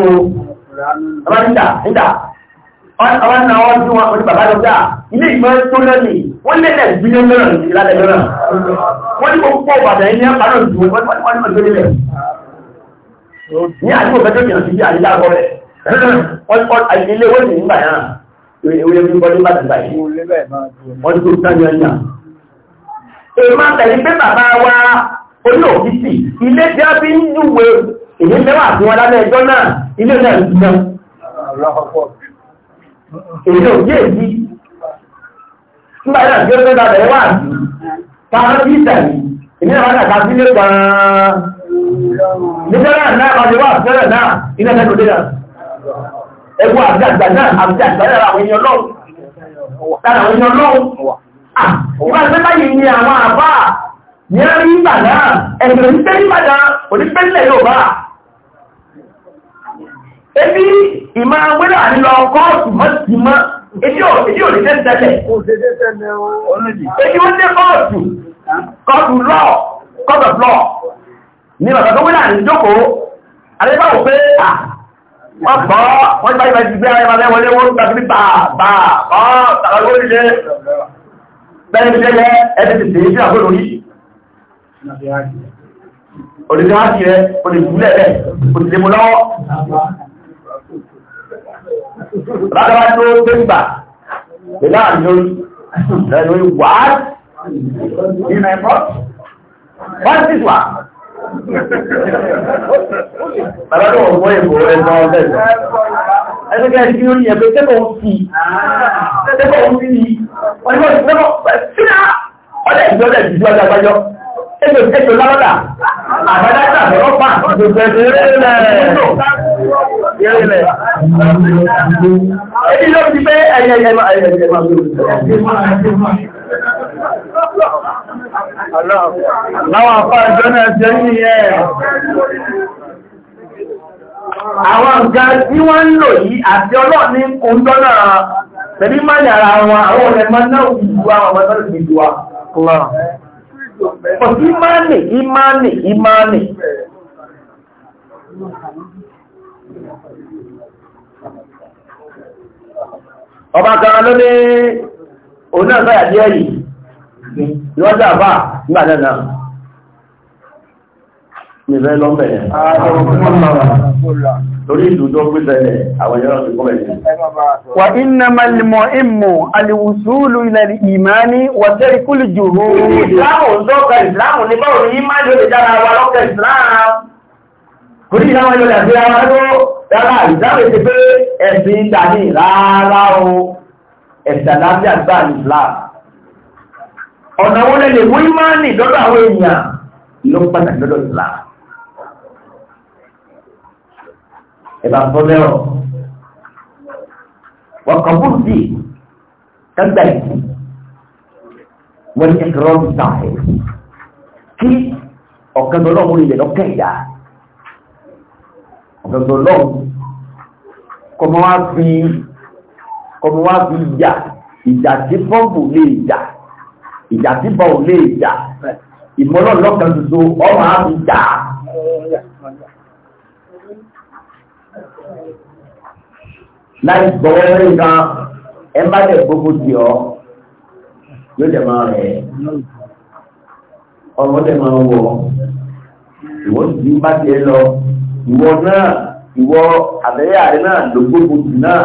ọba níta níta ọba náà wọ́n tí wọ́n bàbá lọ gbà ilé ìgbọ́ tó lẹ́nì wọ́n lẹ́lẹ̀ gbílẹ̀ mẹ́rọ̀ ní ìlàlẹ̀ mẹ́rọ̀ wọ́n ní gbogbo ọ̀bàdà ẹni àpárọ̀ jù wọ́n ní wọ́n tó lẹ́lẹ̀ ní àdúgbò fẹ́ tó yàn sí àyíká kọ́ rẹ̀ ilé wọ́n ní nígbà yàn ìwé bí wọ́n ní bàtà báyìí wọ́n tó tán yàn yàn. èèmọ̀ tẹ̀lé pé bàbá wa orí òfíìsì ilé tí a fi ń júwe èyí mẹ́wàá tí wọ́n lábẹ́ ẹjọ́ náà ilé náà ń jìnà èyí ò yé èyí nígbà náà tí ó fẹ́ bàbẹ̀ wà sí táwọn bí ìtàlì èmi náà wọ́n kà sí ilé gan-an nígbà náà náà wọ́n ti wà fẹ́rẹ̀ náà ilé náà lòdì náà ẹgbẹ́ àgbàgbà náà àgbàgbà náà àwọn èèyàn lọ́wọ́ táwọn èèyàn lọ́wọ́ ní a rí bàdá ẹ̀sẹ̀rẹ̀ ní tẹ́lí bàdá onípẹ́lẹ̀ yóò bá ebi ìmá wẹ́lá nílọ kọ́ọ̀tù mọ́símọ́ ebi ò lè tẹ́ tẹ́lẹ̀ ebi wọ́n tẹ́ kọ́ọ̀tù kọ́ọ̀tù lọ kọ́ọ̀tù lọ ní bàbá tó wẹ́lá ní jókòó alẹ́bàwò pé à wọ́n bọ́ wọ́n ti bá ibà ti gbé ayé máa lẹ́wọlé wọ́n gbà bí bà bà ọ́ tàbí ó rí lé bẹ́ẹ̀ ni lẹ́yẹ ẹ̀ẹ́dẹ́gbẹ̀ẹ́ sí àgbọ̀lórí Òdìdá ti rẹ̀, òdìdúlẹ̀ rẹ̀, òdìdé mú lọ́wọ́. Rádáwá tí ó gbé ìgbà, pẹ̀lá àjọrí, lẹ́nu wàá ní Nàìjíríà. Wọ́n ti wà. Bàbáwọ̀ ọ̀pọ̀ ìbò ẹ̀nà ọ̀fẹ́ Ẹgbẹ́gbẹ́ ẹ̀sìn orí ẹ̀bẹ̀ tẹ́bọ̀ ń fi, tẹ́bọ̀ ń fi, ọdún ọdún tẹ́bọ̀ ètò ètò lábọ́dà àbádájà Àwọn nǹkan tí wọ́n ń lò yìí àti ọlọ́ọ̀ni kò ń tẹ̀lé máa yàrá wọn àwọn náà But imani, imani, imani. Ọba kan ló ní òun náà sọ́yà díẹ̀ yìí, ìwọ́jà bá nígbà náà náà. Nìbẹ̀ lọ́m̀bẹ̀ torí ìlú tó gbé tẹ́lẹ̀ àwọn ìyọ́rọ̀ ti kọ́lẹ̀ sí. wà iná malmọ̀ ìmọ̀ alìwùsúlù ilẹ̀ ìmáni wà tẹ́rì kúlù jùrù. ìsìláàmù ń tọ́ka ìsìláàmù ní báwo ni ìmá yóò lè dára wa lọ́kẹ̀ ìsìláàmù. kò ní ìdáwọn yóò lè fi ara ló dára ìdáwọn ètò ẹ̀bá ń bọ́ lẹ́rọ̀ wọ́n kàn bú sí kágbà ìsì wọ́n ní ẹ̀kọ́ rọ́ọ̀bù sáàyè kí ọ̀kan tó lọ́wọ́ ilẹ̀ lọ́kẹ́ ìyá ọ̀kan tó lọ́wọ́ kọ́mọ wá fi kọ́mọ wá fi ìjà ìjà tí pọ́ǹpù lè jà ìjà tí bọ́ọ̀ lè jà ìmọ̀lọ́ọ̀lọ́kan tuntun ọmọ á fi jà á. láì gbọ́wọ́ lórí kan ẹ bá tẹ̀ gbogbo tì ọ́ yóò tẹ̀ máa rẹ̀ ọmọ tẹ̀ máa wọ̀ ìwọ sì bá tiẹ̀ lọ ìwọ náà ìwọ àbẹ̀yà rẹ̀ náà ló gbogbo tì náà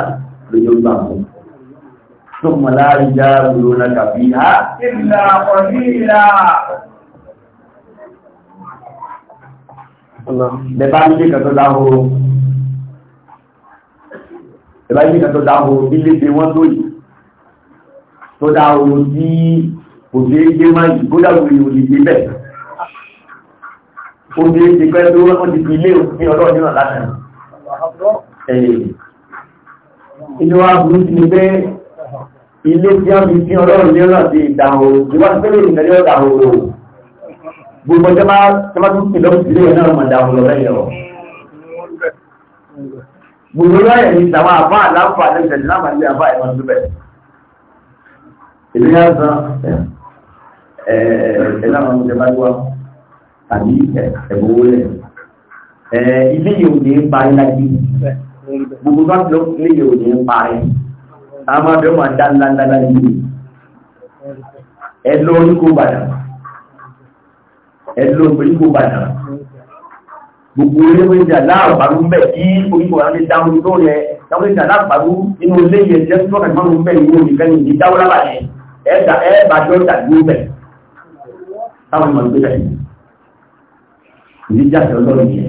lójó gbà mú. Súnmọ́ láàrin já gbòòrò náà kàbí ha. Ìlà ọ̀ní ìlà. Bẹ̀bá ń lé kàtó dáhùn ìbájú ìkan tó dáhùn nílé pé wọ́n tó yìí tó dáhùn tí kò sí gbé máa yìí kó dáhùn ìwò lè gbé bẹ́ẹ̀ ó bí ti pẹ́ tó wọ́n ti fi ilé òfin ọlọ́run níwọ̀n látàrí inú wa burú sí ni pé ilé tí wọ́n fi fi ọlọ́run níwọ̀n ti dáhùn ìwádìí pẹ́lẹ̀ ìgbẹ̀lẹ́ ọ̀dáhùn gbogbo ọjọ́ tún sí lọ́pù náà mọ̀ dáhùn lọ́rẹ́ yẹ̀wọ̀ gbogbo lọ́yẹ̀ ní ìtàwọn àbá àlápà lẹ́sẹ̀ lámàlẹ́ àbá ìwọ̀n tó bẹ̀. èmi náà san ẹ̀ẹ́dẹ́gbẹ̀rún ọmọdé bá gbọ́ tàbí ẹ̀bùwó lẹ̀. ilé yìí ò ní í parí lájú gbogbo bá tó ilé yìí ò ní í parí àwọn ọmọdé máa dá ńláńlá nínú ẹ lọ orí kó bàdà ẹ lọ orí kó bàdà gbogbo eléwé ìjà láàbàrú mẹ́ kí oríkò rán lè dáhùn tó rẹ̀ dáwọn ìjà láàbàrú inú ilé yẹ jẹ́ tó rẹ̀ mọ́rún mẹ́ ìwé òmìnkẹ́ ní ìdí dáwọ́ lábà yẹn ẹ̀ẹ́dà ẹ̀ẹ́bà jọ ìjà ló bẹ̀ táwọn ìmọ̀ ìgbé bẹ̀ ìdíjà tẹ̀ ọlọ́run yẹ.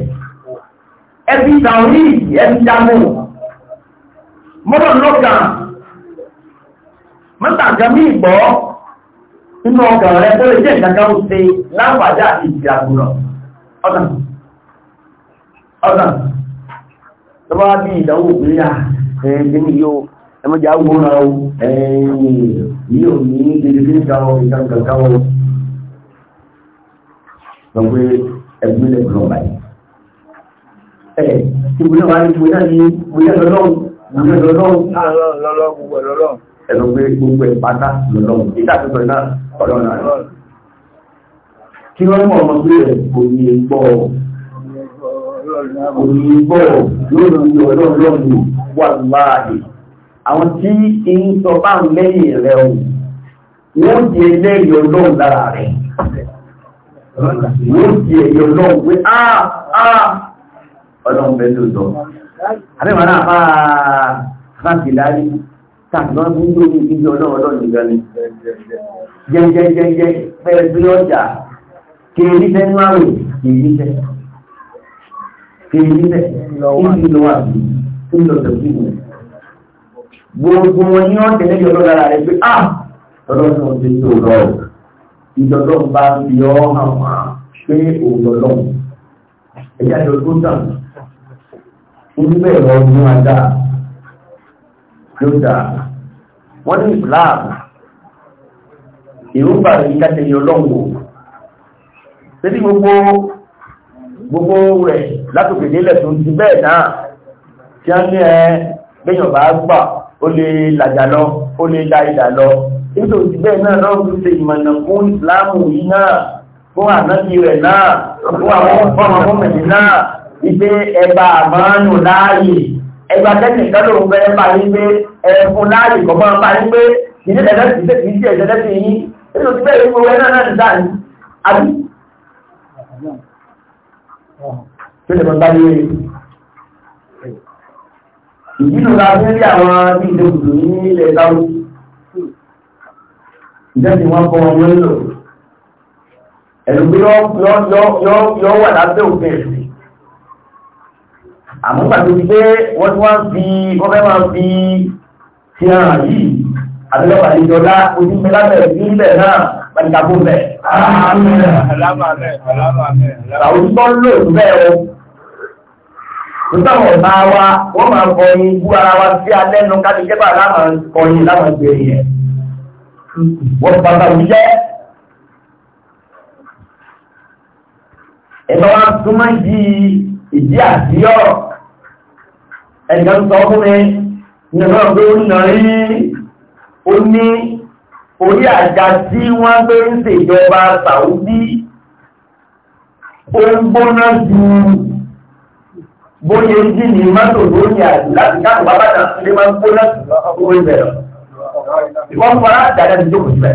ẹbí ìtàwọn ní ẹbí jámù mọ́tò lọ́kàn mọ́tà jẹ́mí ìgbọ́ nínú ọkàn rẹ̀ tó lè jẹ́ ìjàkáwó ṣe láǹfààní àti ìjì ọ̀nà tó bí ìdánwò pé à ẹ̀ẹ́dẹ́ni yóò ẹmọ́jà gbóná o ní gbèdégbé káwọn ìkàǹkàn káwọn lọ pé ẹgbẹ́ lẹ́gbẹ̀ẹ́ lọ́ba yìí. ẹ ti gbóná wa ní ti gbóná ní gbóná lọ́lọ́run gbóná lọ́lọ́run. lọ́lọ́ gbogbo ẹ̀ lọ́lọ́run. ẹ lọ pé gbogbo ẹ̀ pátá lọ́lọ́run ìdá àtúntò iná ọ̀dọ́ òyìnbọ̀ yóò rí ọlọ́run wà láàyè àwọn tí ń sọ bá ń lẹ́yìn rẹ̀ ohun wọ́n di ẹlẹ́yìn ọlọ́run lára rẹ̀ wọ́n di ẹ̀yìn ọlọ́run pé áà áà ọlọ́run bẹ́ẹ̀ tó sọ àbẹ́wọ̀n náà bá láti láyé tàbí wọ́n ń lórí ibi ọlọ́run ọlọ́run nìkan ni jẹ́jẹ́jẹ́jẹ́ pẹ́ẹ́rẹ́ bí ọjà kèrè ní sẹ́nu àwẹ̀ kèrè ní sẹ́nu kèyí lẹ̀ kí lọ wà sí kí lọ tẹ̀sí rẹ̀. Gbogbo wọn ni wọ́n tẹ̀lé ìjọba lára rẹ̀ pé ah ọlọ́run ti tó lọ o. Ìjọba ń bá fi ọ́ hàn wá pé òun lọ. Ẹ̀yà ìjọ tó tàn. Oníbẹ̀ ẹ̀rọ ni wọ́n dá ló dá. Wọ́n ní ìsìláàmù. Èròǹgbà rẹ̀ yíká tẹ̀lé ọlọ́run o. Ṣé gbogbo gbogbo rẹ̀ látòkè délẹ̀ tó ń ti bẹ́ẹ̀ náà tí a ní ẹ gbẹ̀yàn bá gbà ó lè làjà lọ ó lè la ìdà lọ nígbà tó ti bẹ́ẹ̀ náà lọ́wọ́ fi ṣe ìmọ̀nà fún ìsìláàmù yìí náà fún ànábì rẹ̀ náà fún àwọn ọmọ mọ̀mọ̀mí náà wípé ẹba àmọ́nù láàyè ẹgbà tẹ́nìkan ló ń fẹ́ bá yín pé ẹ̀fún láàyè kọ̀ máa bá yín pé ìdílé ẹ̀dẹ́ tó lè mọ́ bá yé ìdílù la fẹ́ rí àwọn bí ìdè òdò ní ilẹ̀ ìdáwó ìjẹ́sìn wọn kọ́ wọn lọ́lọ́ ẹ̀rù pé yọ wà lábẹ́ òfin ẹ̀sìn àmọ́ pàtó pé wọ́n tí wọ́n fi wọ́n fẹ́ máa fi ti hàn yìí àbílọ́pàá ìjọba ojú mi lábẹ́ náà pàtàkó bẹ́ẹ̀. Àwùjọ lò bẹ́ẹ̀ o. Nígbàwọ̀ bá wa, wọ́n máa kọrin bú ara wa sí alẹ́nu káàkiri jẹ́ bá láàmà kọrin láwọn ìgbèrè yẹn. Wọ́n bàbá òjẹ́. Ẹ̀bá wa súnmọ́ ìdí ìdí àti ọ̀rọ̀. Ẹnìkan sọ fún mi, ìyẹn náà pé ó nà rí, ó ní orí àga tí wọ́n gbé ń ṣèjọba Sàúdí ó ń gbóná ju bóyá jí ní mọ́tò lórí àjò láti káàkiri bàbá náà lè máa ń gbóná orí bẹ̀rẹ̀ wọ́n fara dáadáa ní jókòó síbẹ̀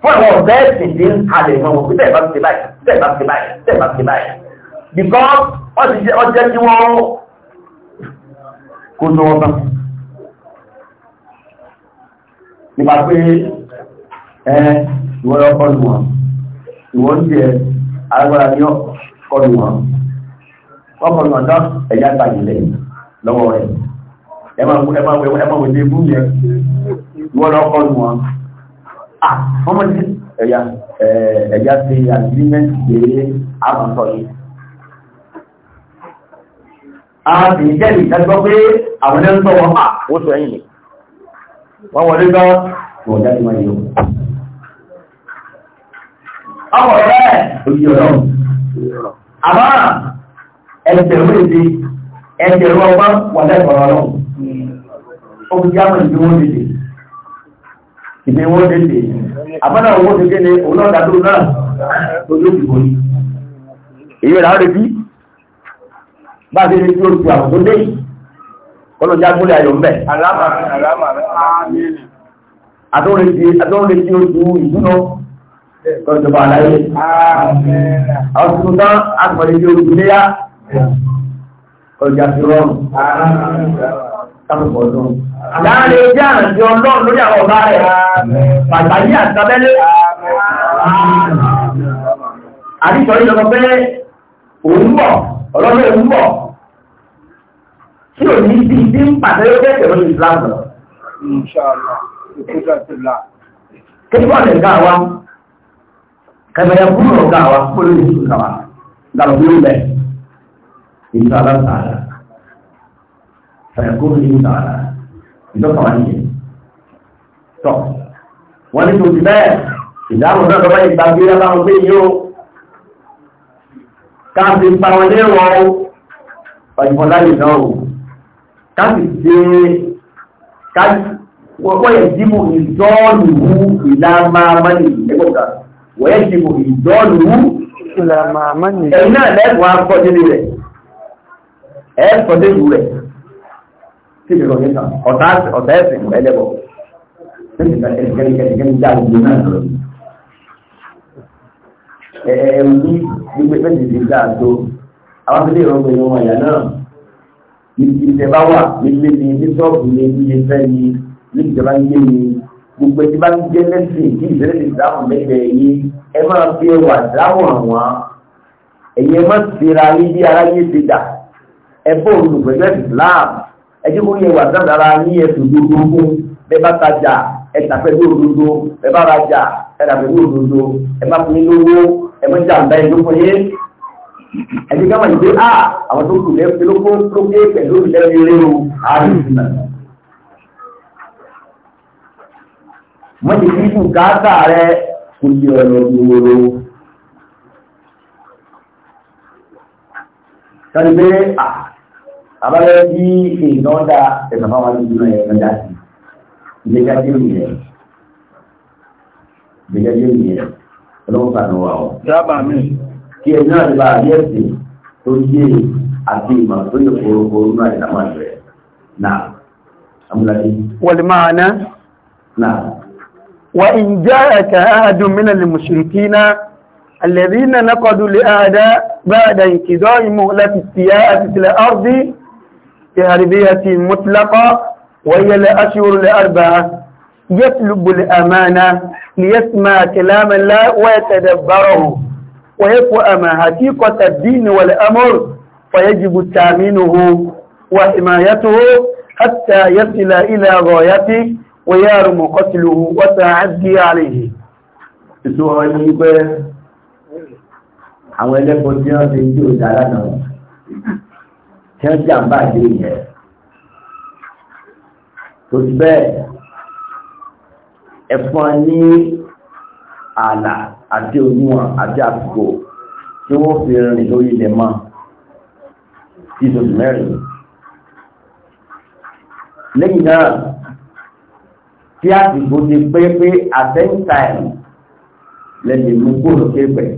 fún àwọn ọ̀bẹ́ ìsìndí ń halẹ̀ ìmọ̀ wò tẹ́ bá ti báyìí tẹ́ bá ti báyìí tẹ́ bá ẹ́ ìwọ lọ kọlù wọn ìwọ ń jẹ alágbára ní kọlù wọn wọ́n kọlù wọn tán ẹ̀yà gbàjìlẹ̀ lọ́wọ́ rẹ̀ ẹ máa wọ ẹ máa wọ ẹ máa wọ ilé ibú yẹn ìwọ lọ kọlù wọn à wọ́n mọ̀ sí ẹ̀yà ẹ̀yà ti àgbímẹ́ǹtì pé a máa yìí. a sì ń jẹ́ ìdájọ́ pé àwọn ẹni ń sọ wọn à ó sọ ẹ̀yìn ni wọ́n wọlé gan-an wọ́n jáde máa yọ ọmọ rẹ̀ òjì ọ̀rọ̀ àmọ́ ẹgbẹ̀rún èdè ẹgbẹ̀rún ọgbọ́n wà lẹ́gbọ̀rọ̀ ọ̀rọ̀ ogun jámọ̀ ìdí wọ́n dèdè ìdí wọ́n dèdè àbọ́nà owó dèdè ni olóòdà tó náà olóòdìbò ni èyí rẹ̀ àwọn ẹbí bá a ti rí olùkú àwọn tó dé yìí kọ́lọ̀ jágbólẹ̀ ayọ̀ mbẹ̀ àtọ́rẹ̀ ti oṣù ìdúná Kọ́jọba aláyé. Àwọn tuntun tán agbọ̀lẹ̀ bí ogun léyá. Ọjà fi rọrùn. Sáàpọ̀ lọ. Láàrin ojú àrùn ọlọ́run lórí àwọn ọba rẹ̀. Pàtàkì àtàbẹ́lé. Àdìsọ yìí lọ pé òun bọ̀, ọlọ́run òun bọ̀. Tí ò ní bí bí ń pàtẹ́ ló bẹ́ẹ̀ tẹ̀lé ìsìlámù lọ. Inshallah, ìkúta ti là. Kí wọ́n lè gá wa? kabayan kuma gawa kullum su gawa garbin da insha Allah ta'ala sayakun insha Allah itu kawan ini to wani to kita tidak mau nak kembali tapi ada orang video kasih pawan dia wow bagi pola ni tahu kasih dia kasih wọ́n yẹ dìbò ìjọ́ ìlú ìlàmàmà ẹgbẹ́ wẹ́ẹ̀dìbò ìjọ́lùú ẹ̀yìn náà lẹ́kùn akọ́délé rẹ̀ ẹ̀ẹ́kọ́délú rẹ̀ tí mi rọ̀ níta ọ̀tá ẹ̀sìn ẹlẹ́bọ̀ Ìjọba wà nílé ni ní sọ́ọ̀bù ní ilé fẹ́ ni ní ìjọba ń gbé ni gbogbo ẹtí bá ń jẹ́ lẹ́sìn tí ìṣẹ̀lẹ̀ ti dáhùn mẹ́jẹ yìí ẹ máa fi ẹwà dáhùn àwọn ẹ̀yẹ má sera yín bí aráyé ti dà ẹ bó olùgbẹ̀jọ́ Islam ẹ jẹ́ kó yẹ wà dáhùn ara yín ẹ̀sùn gbogbo fún bẹ́ẹ̀ bá tajà ẹ tàpẹ́lú òdodo ẹ bá rajà ẹ tàpẹ́lú òdodo ẹ má fún yín lówó ẹ má jà ǹda ìlú fún yín ẹ jẹ́ ká máa yìí pé ah, àwọn tó kù lẹ́ẹ̀fẹ́ ló kó ló ké pẹ̀lú ìlẹ́ẹ̀rẹ́ o àárín ìsìn náà. wọ́n ti fi kù káàtà rẹ kò yẹ ọ̀rọ̀ gbòòrò sọ́ni pé àbáyọ bí èèyàn dá ẹ̀sán fáwọn ọdún náà ẹ̀sán dá sí ìgbéga tí ó yẹ ìgbéga tí ó yẹ ọlọ́run kan wà ó. dábà mi. kí ẹ náà bá ayé ẹ̀sìn tó وإن جاءك أحد من المشركين الذين نقضوا لأعداء بعد انقضاء مهلة السياسة في الأرض بهربية مطلقة وهي الأشهر الأربعة يطلب الأمانة ليسمع كلام الله ويتدبره ويفهم حقيقة الدين والأمر فيجب تامينه وحمايته حتى يصل إلى غايته ويارم قتله وتعدي عليه ètò ọ̀rọ̀ yìí pé àwọn ẹlẹ́kọ̀ọ́ tí wọ́n ti ń jò dára náà tí wọ́n jà ń bá dé yẹn tó ti bẹ́ẹ̀ ẹ̀fọn ní ààlà àti oníwọ̀n àti àsìkò tí wọ́n fi rìn lórí ilẹ̀ mọ́ tí oṣù mẹ́rin lẹ́yìn náà tí àsìkò ti pé pé àtẹ́ntàìm lẹ́yìn mú kúrò képẹ̀.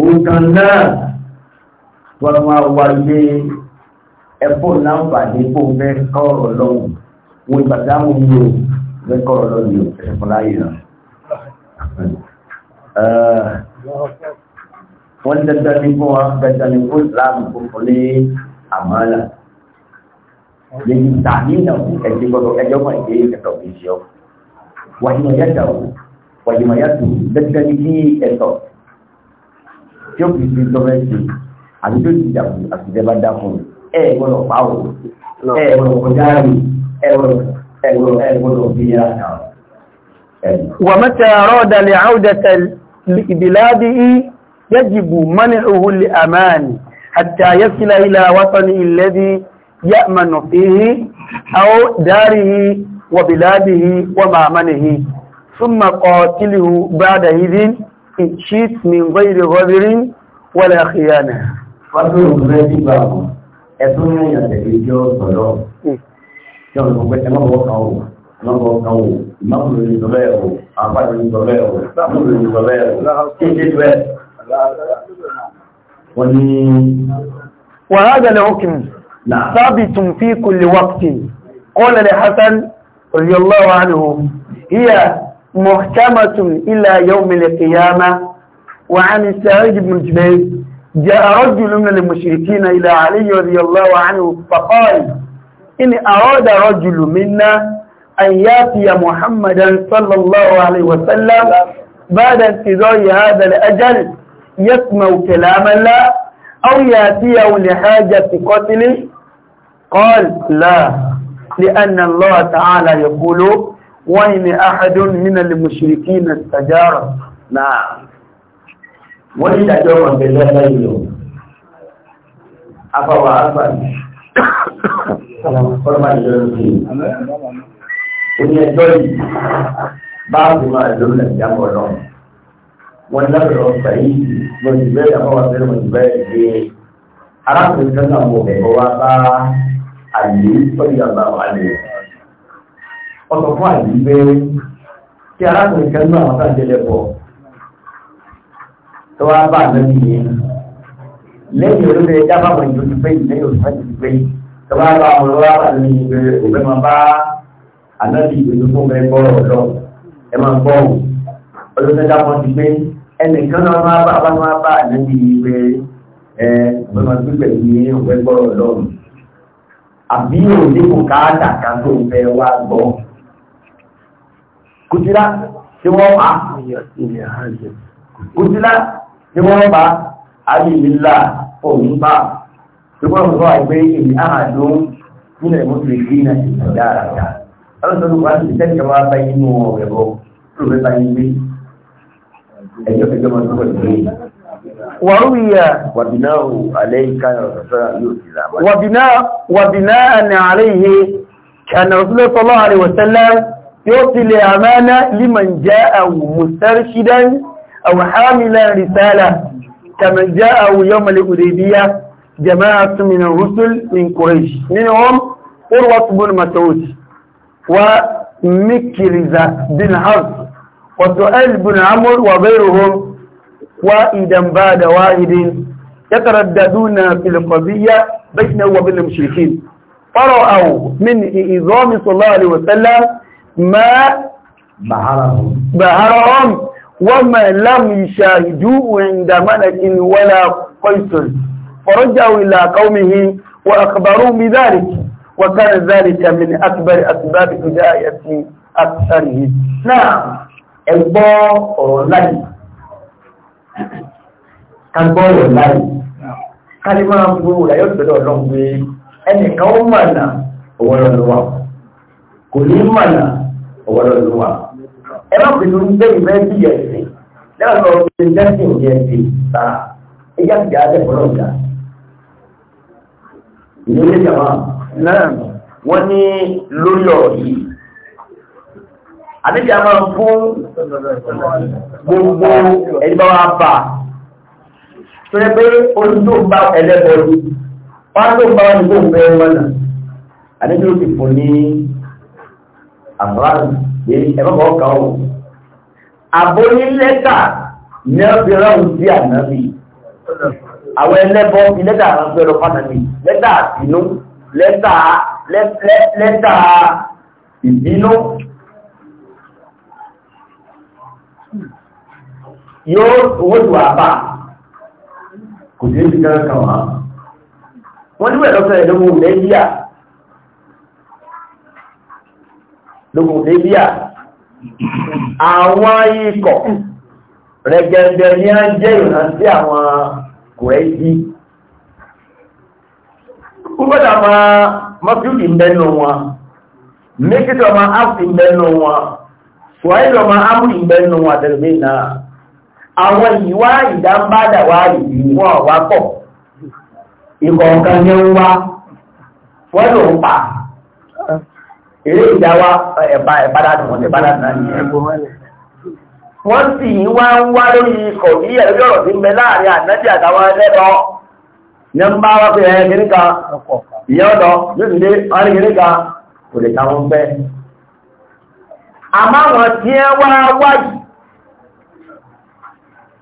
Òǹkan náà wọ́n wá wáyé ẹ̀fọ́ láǹfààní kó fẹ́ kọ́rọ̀ lọ́wọ́. Wọ́n ìgbà táwọn mi ò fẹ́ kọ́rọ̀ lọ́wọ́ ní ẹ̀fọ́ láyé náà. Wọ́n dandan ní fún wa, dandan ní fún ìsìláàmù kò fún ní àmàlà yẹyi tààmì náà ẹ̀jẹ̀ gbọ́dọ̀ ẹjọ́ mọ̀ ìgbé ẹ̀tọ́ kì í ṣe ọ́ wàyí ọ̀yá dà ó wàyí ọ̀yá tó dẹ́gbẹ́ni kí ẹ̀tọ́ tí ó fi fi gọ́ọ̀mẹ́ntì àti tó ti dàbò àti tẹ́ bá dá fún mi ẹ̀ gbọ́dọ̀ pa ò ẹ̀ gbọ́dọ̀ kọjá rè ẹ̀ gbọ́dọ̀ ẹ̀ gbọ́dọ̀ fi yára kà ó. ومتى أراد لعودة بلاده يجب منعه الأمان حتى يصل إلى وطنه الذي يأمن فيه أو داره وبلاده ومعمله ثم قاتله بعد إذن إن شئت من غير غدر ولا خيانة فاتو رجي بابو ẹ̀tún ní àtẹ̀lẹ́ jọ sọ̀rọ̀ tí ọ̀nà gbogbo ẹ̀mọ́ bọ̀ kan wò ẹ̀mọ́ bọ̀ kan wò ìmọ̀kùnrin ní sọ bẹ́ẹ̀ wò àpáàdé ní sọ bẹ́ẹ̀ wò ìmọ̀kùnrin ní sọ bẹ́ẹ̀ wò kí ṣe bẹ́ẹ̀ wọ́n ní. wàhálà lẹ́wọ́n kìnnì نعم. ثابت في كل وقت قال لحسن رضي الله عنه هي محكمة إلى يوم القيامة وعن سعيد بن جبير جاء رجل من المشركين إلى علي رضي الله عنه فقال إن أراد رجل منا أن يأتي محمدا صلى الله عليه وسلم بعد انتظار هذا الأجل يسمع كلام الله أو يأتيه لحاجة قتله قال لا لأن الله تعالى يقول وإن أحد من المشركين استجار نعم وإن جوما بالله اليوم أفوى أفوى Ọlọ́pàá ìjọ́rọ̀sí. Oní ẹjọ́ yìí, báàbù máa lórílẹ̀ ìjábọ̀ lọ. Wọ́n lábẹ̀rẹ̀ ọ̀pá yìí, mọ̀jùbẹ́ ìjàmọ́wà fẹ́rẹ̀ mọ̀jùbẹ́ ìgbé. Arákùnrin kan náà mọ̀ bẹ̀rẹ̀ wá bá àyè sọ́jà àbáwọ̀ àlè ọ̀sọ̀ fún àyè bẹ́ẹ̀ tí arákùnrin kan náà wọ́n sáàjẹ́lẹ̀ pọ̀ tó wá bá lẹ́yìn yìí lẹ́yìn olóògbé jábà mọ̀ ìjọ ti gbẹ́yìn lẹ́yìn òṣìṣẹ́ ti gbẹ́yìn tó wá bá wọn lọ́wọ́ bá lẹ́yìn ìgbẹ́ òbẹ́ máa bá ànábì ìgbẹ́jú fún bẹ́ẹ̀ bọ́rọ̀ lọ ẹ máa gbọ́ olóògbé jábà ti gbé ẹnìkan máa bá ní òbẹ́ bọ́rọ̀ lọ́rùn àbí òní kò káàdà kan tó fẹ́ wá gbọ́ kùtìlá tí wọ́n pa kùtìlá tí wọ́n pa alìlélà òun pa tí wọ́n fọ́ àgbé èyí àádọ́ nílẹ̀ mọ́tòlẹ́gbé náà ìgbà dáadáa alọ́sọ̀rọ̀ wá sí tẹ́lẹ̀ wá bá inú ọ̀rẹ́ bọ́ tó fẹ́ bá yín gbé ẹjọ́ kẹjọ́ mọ́tòlẹ́gbé وروي وبناء عليه كان وبناء وبناء عليه كان رسول الله صلى الله عليه وسلم يعطي الأمانة لمن جاء مسترشدا أو حاملا رسالة كما جاء يوم الحديبية جماعة من الرسل من قريش منهم قروة بن مسعود ومكرزة بن حرب وسؤال بن عمرو وغيرهم واحدا بعد واحد يترددون في القضية بينه وبين المشركين فرأوا من إظام صلى الله عليه وسلم ما بهرهم وما لم يشاهدوه عند ملك ولا قيصر فرجعوا إلى قومه وأخبروهم بذلك وكان ذلك من أكبر أسباب هداية أكثرهم نعم الضوء لن ká gbọ́rọ̀ láì ká lè máa gbó rẹ̀ yóò gbẹ́dọ̀ lọ́n pé ẹnìkan ó mànà ọwọ́ lọ́lọ́wà kò ní mànà ọwọ́ lọ́lọ́wà ẹ má pè lórí bẹ́ẹ̀ bẹ́ẹ̀ bí ẹ̀sìn lẹ́wọ̀n lọ sí lẹ́sìn yẹ ti ta ẹjá ti dáa lẹ́kọ̀ọ́ lọ́jà ìdílé jàmá náà wọ́n ní lórí ọ̀rọ̀ yìí àníbi a máa fún gbogbo ẹni bá wá bà tó yẹ pé olùdóńbá ẹlẹ́bọ̀ọ́lù wọ́n tó bá wọn nígbò fẹ́ wọn náà àníbi ó ti fún ní àbúrádùn pé ẹ̀fọ́fọ́ kan ó àbóyí lẹ́tà ní ọ̀fẹ́ ráhùn sí ànábì àwọn ẹlẹ́bọ fi lẹ́tà ránṣẹ́ lọ fánàbì lẹ́tà àtinú lẹ́tà lẹ́tà ìbínú yóò owó ìwà bá kò sí èsì kan kan wá wọ́n níbẹ̀ lọ́sọ̀ ẹ̀ lógun lẹ́bíà lógun lẹ́bíà àwọn ikọ̀ rẹ̀gẹ̀dẹ̀ ni a ń jẹ́ ìrántí àwọn kòrẹ́sì kúgbọ́dà máa mọ́kúrì mẹ́nu wọn mẹ́kítọ̀ máa áfì mẹ́nu wọn ṣùgbọ́n ìlọ máa ámù ìmẹ́nu wọn àtẹ̀lẹ́mẹ́ náà àwọn ìwá ìdámbádàwà ìwọ̀n wá pọ̀ ìkọ̀ọ̀kan ní ń wá wọ́n ń pa eré ẹ̀bádàdùn wọ́n sì wá ń wá lórí ikọ̀ ní tí ń láàrin ànájì àtàwọn ní ń bá wá pé ẹ kìíní kan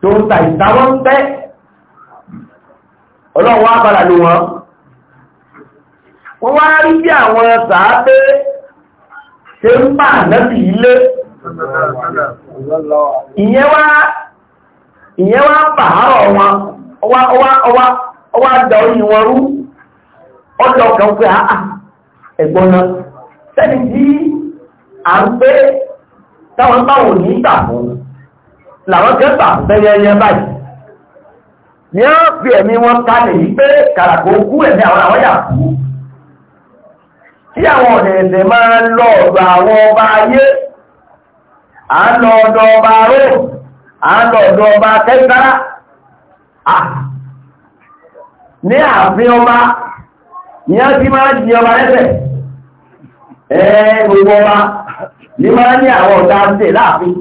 tó ń ta ìdáwọ́ ń tẹ́ ọlọ́run wá padà lò wọ́n wọ́n wá rí bí àwọn sàábé ṣe ń bà nẹ́bì ilé ìyẹn wá ìyẹn wá pàárọ̀ wọn ọwá dà orí wọn rú ọjọ́ kan àà ẹ̀gbọ́n náà tí à ń pé táwọn báwọn ní ìgbà fún làwọn kẹta bẹ́yẹyẹ báyìí ní á fi ẹ̀mí wọn kalẹ̀ yìí pé kàràkó kú ẹ̀mí àwọn àwọn yà kú tí àwọn ọ̀dẹ̀ẹ̀dẹ̀ máa ń lọ ọ̀dọ̀ àwọn ọba ayé à ń lọ ọ̀dọ̀ ọba aró à ń lọ ọ̀dọ̀ ọba kẹtara ní ààfin ọba ní á ti máa di ọba lẹ́sẹ̀ ẹ̀ẹ́ gbogbo ọba ní máa ní àwọn ọ̀dà ń tè láàfin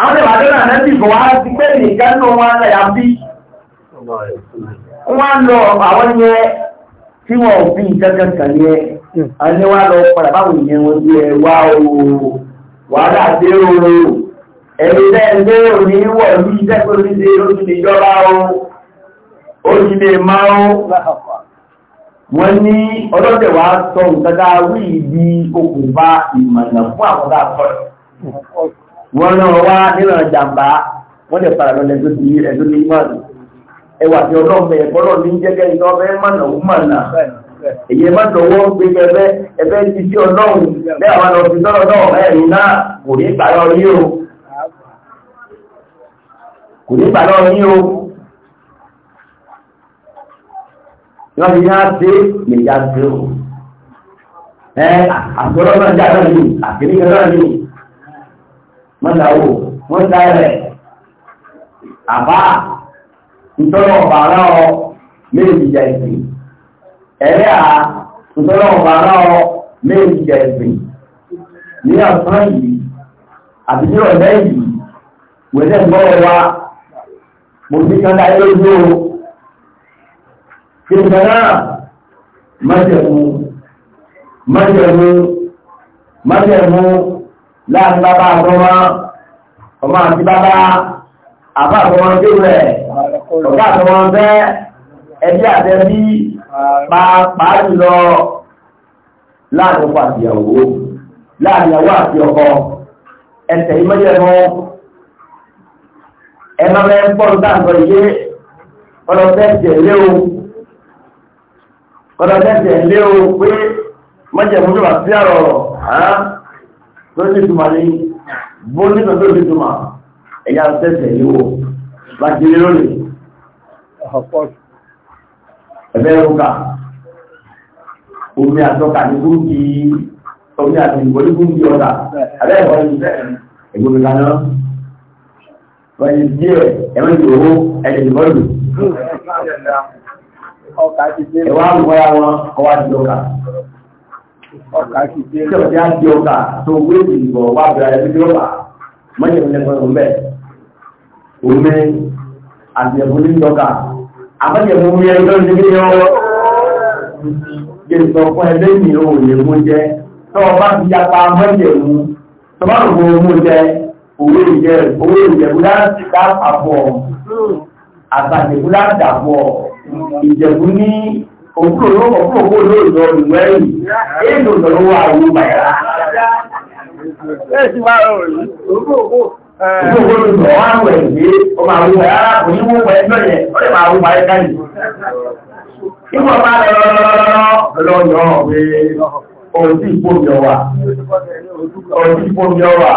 àwọn ìbàdàn náà nẹ́bí bọ̀ wá ti pé nìkan ní wọn náà yà bí wọ́n lọ àwọn yẹn tí wọ́n ò bí kankan kan yẹ àní wá lọ padà báwọn ìyẹn wọn bí ẹ wá o wàhálà dé o ẹ̀rí bẹ́ẹ̀ ń òní wọ̀ ní ìjẹ́kọ̀ọ́ ní ṣe ó ti lè máa ó wọ́n ní ọlọ́dẹ̀ wọ́n náà wá nínú ìjàmbá wọ́n lè fara lọ́lẹ̀ tó ti ẹ̀dọ́ ní ìmọ̀lù ẹwà tí ọlọ́mọ ẹ̀kọ́lọ́ ní jẹ́gẹ́ iná ọbẹ̀ mọ̀nà mọ̀nà èyí má dọ̀wọ́ pé ẹbẹ́ ẹbẹ́ ti sí ọlọ́run bẹ́ẹ̀ àwọn ọ̀fi sọ́rọ̀ náà ẹ̀rí náà kò ní ìpàlọ́ rí o kò ní ìpàlọ́ rí o wọ́n ti ní mọ́láwò wọ́n dáẹ̀rẹ̀ àbá ìtọ́lọ̀ ọ̀bà aláwọ̀ méjìjà ìsìn ẹ̀rẹ́ à ìtọ́lọ̀ ọ̀bà aláwọ̀ méjìjà ìsìn ní ọ̀sán yìí àti ní ọ̀lẹ́ yìí wẹ̀lẹ́ gbọ́rọ̀ wa mo ti kan dá ilé o kìnnìkan náà májẹ̀mú májẹ̀mú láàrin bàbá àtọmọ ọmọ àti bàbá àbá àtọmọ dé rẹ̀ ọ̀gá àtọmọ bẹ́ ẹbí àtẹbí pàápàá jùlọ láàrin ọkọ àti ìyàwó láàrin ìyàwó àti ọkọ ẹsẹ̀ ìmọ̀jẹ̀ mọ́ ẹ máa bẹ bọ́ọ̀lù dáńtọ̀ yé ọlọ́tẹ̀ẹ̀tẹ̀ lé o ọlọ́tẹ̀ẹ̀tẹ̀ lé o pé mọ̀jẹ̀ mú ló wà sí àrọ̀ ọ̀rọ̀ tó ní ìtumà ní bó ní tó ní ìtumà ẹ̀yà tẹ́sẹ̀ yíwò láti rí lórí ẹ̀bẹ̀ ẹ̀rùkà omi àtọ́kà ní gúnkì omi àti ìgbò ní gúnkì ọ̀dà abẹ́ ẹ̀kọ́ ní ẹ̀gbọ́n mi kaná wọ́n ti díẹ̀ ẹ̀mọ́ ìdí owó ẹ̀dẹ̀ ìbọ́lù ẹ̀wọ́n àwọn ọmọ ya wọn ọwọ́ ọkà ti dé. Ṣé ọ̀dẹ́ àti ọkà tó wé ìbọ̀ wá bẹ̀rẹ̀ ẹbí tí ó bà? Mọ́jẹ̀ ní ẹgbẹ́ òun bẹ̀. Omi àti ẹ̀fún ní ọkà. Àbájẹ̀ mú mi ẹjọ́ ní kí ọ. Gbèsò fún ẹgbẹ́ mi ò lè mú jẹ. Tọ́ ọba ti yapa mọ́jẹ̀ mú. Tọ́ba ò mú mú jẹ. Owó ìjẹ owó ìjẹ búdá ti dá àbọ̀. Àtàjẹ̀búdá dàbọ̀. Ìjẹ̀bú ní òkú òun òkú òkú olóòjọ ìwẹ́yìn èèlò ìdọ̀lọ́wọ́ àwọn bàyàrá. Òkú òkú olóòjọ àwọn ẹ̀gbẹ́ ọmọ àwọn bàyàrá kò ní wọ́n pẹ̀lú ẹ̀yẹ ọ̀rẹ́ máa wọ́n bàyẹ́ káyì. Ìwọ̀n bá lọ́lọ́lọ́lọ́lọ́lọ́ Ọ̀dí ìpòmí ọwà, ọ̀dí ìpòmí ọwà,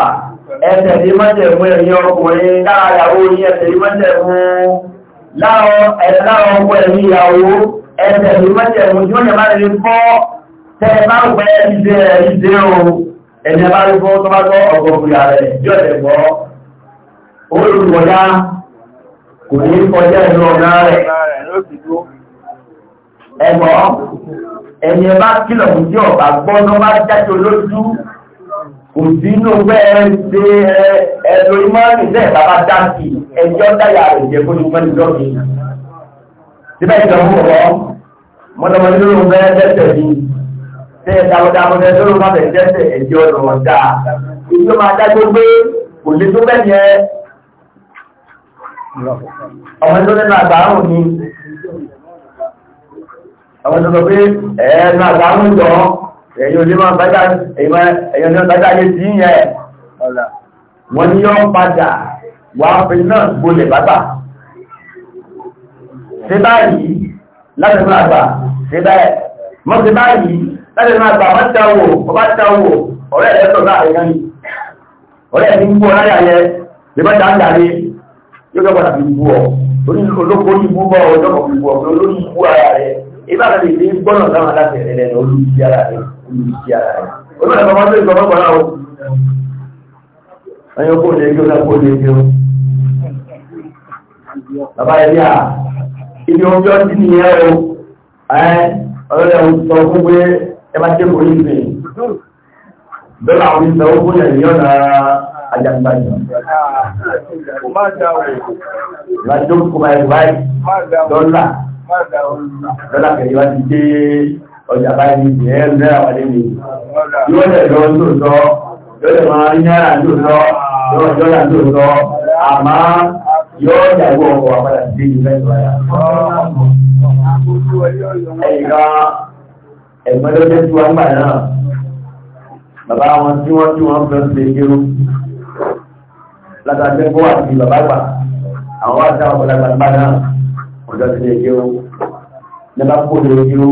ẹ̀sẹ̀ ní mọ́jẹ̀ fún ẹ̀yìn ọkùnrin lára ní ẹ̀sẹ̀ ní mọ́jẹ̀ fún láàrọ̀ ọkọ̀ ẹ̀mí ìyàwó ẹsẹ̀ ní mẹ́jẹ̀mú tí wọ́n yẹ̀bá lè bọ́ tẹ́ bá ń pẹ́ ìdẹ́ ìdẹ́ o ẹ̀jẹ̀ bá lè bọ́ tó bá tọ́ ọgọ́gùnlá rẹ̀ yọ̀ lè bọ́ olùwọ̀dá kò ní kọjá ìlú ọ̀gá rẹ̀ ẹ̀gbọ́ ẹ̀yẹ bá kìlọ̀ fún tí ọ̀gá gbọ́ tó bá jáde lójú kò sí inú pé ṣe ẹ̀rọ ìmọ̀ ìdẹ́ ìbá bá dá sí ẹjọ́ dáyà rẹ̀ jẹ́ síbẹ̀ ìjọ ń bọ̀ mọ́tọ́mọ́tí ló ń bẹ́ẹ̀ tẹ́tẹ̀ ní tẹ́ ẹ̀dáwọ́dáwọ́dẹ́ tó ló má bẹ̀ tẹ́tẹ̀ ẹ̀jẹ̀ ọ̀rọ̀ ọ̀dà èyí tó máa dájú pé kò lè tó bẹ́ẹ̀ yẹ ọmọ tó nínú àgbàrún ni ọmọ tó sọ pé ẹ̀ẹ́nu àgbàrún jọ ẹ̀yìn onímọ̀ bájá yé sí yẹn wọ́n ní yọ́ padà wà á fi náà gbolẹ̀ bàbá ṣe báyìí láti máa gbà ṣe bẹ́ẹ̀ mọ́ ṣe báyìí láti máa gbà wọ́n tẹ́wò ọba tẹ́wò ọ̀rẹ́ ẹ̀ sọ̀rọ̀ láàrin yẹn ọ̀rẹ́ ẹ̀ ní gbọ́ láyà yẹ lè mọ́ta ń dàrí yóò gbọ́dọ̀ fi bú ọ torí olóko ní bú bọ́ ọjọ́ kan fi bú ọ olórí bú ara rẹ ibà rẹ lè gbọ́dọ̀ náà láti rẹ lẹ́nu olùsí ara rẹ olùsí ara rẹ olùsí ara rẹ olùsí ara rẹ olùsí ara rẹ olùsí ara rẹ ibi ọjọ́ tí ní ẹ o ọ̀rẹ́ sọ fún pé ẹ bá tẹ́ kò ní ìsìn bẹ́ẹ̀ àwọn ìsọ ó fún ẹ̀yìn ọ̀nà ajagbájọ lájọ́ kọmọ ẹ̀wáì dọ́là dọ́là kẹ̀yìn wá ti dé ọjà báyìí ní ẹ̀ ń bẹ́ẹ̀ wà lé mi yóò lẹ̀ lọ lóòótọ́ yóò lẹ̀ máa ń yára lóòótọ́ yóò lọ́la lóòótọ́ àmọ́ yóò yàgbọ́ ọkọ̀ àpàdà sí ilé ìgbàlá. Ẹ̀yà ẹ̀gbọ́n ló dé tí wọ́n gbà náà, bàbá wọn tí wọ́n tí wọ́n fẹ́ ṣe kéró. Látàgbẹ́ bọ́ àti bàbá gbà, àwọn wá sáwọn ọ̀pọ̀lọpọ̀ àgbà náà, ọjọ́ ti lè kéró. Lẹ́bàá kó lè kéró,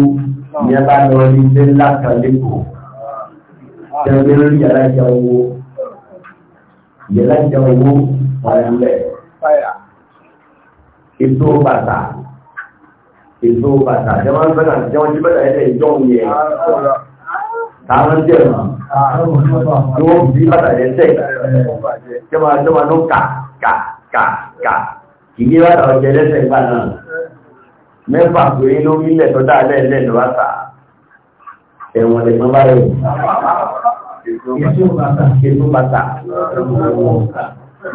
ní ẹbá lọ ní ilé ńlá kan lẹ́kọ̀ọ́. Tẹ̀lé lórí yàrá ìjà owó, yàrá ìjà owó wà nílẹ̀. fire ètò bàtà ètò bàtà jẹ́wọ́n bẹ́ẹ̀ náà jí bẹ́ẹ̀ ẹ̀ẹ́dẹ̀ ìjọ́un yẹ tààrán jẹ́ mọ̀ tí wọ́n fi bàtà yẹn tẹ̀ jẹ́wọ́n jẹ́wọ́n ló kà kà kà kà kì í bàtà ọ̀jẹ̀ lẹ́sẹ̀ gbà náà mẹ́fà péré ló rí lẹ̀ tọ́jà lẹ́ẹ̀lẹ́ ló bá tà ẹ̀wọ̀n lè mọ́ báyìí ètò bàtà ètò bàtà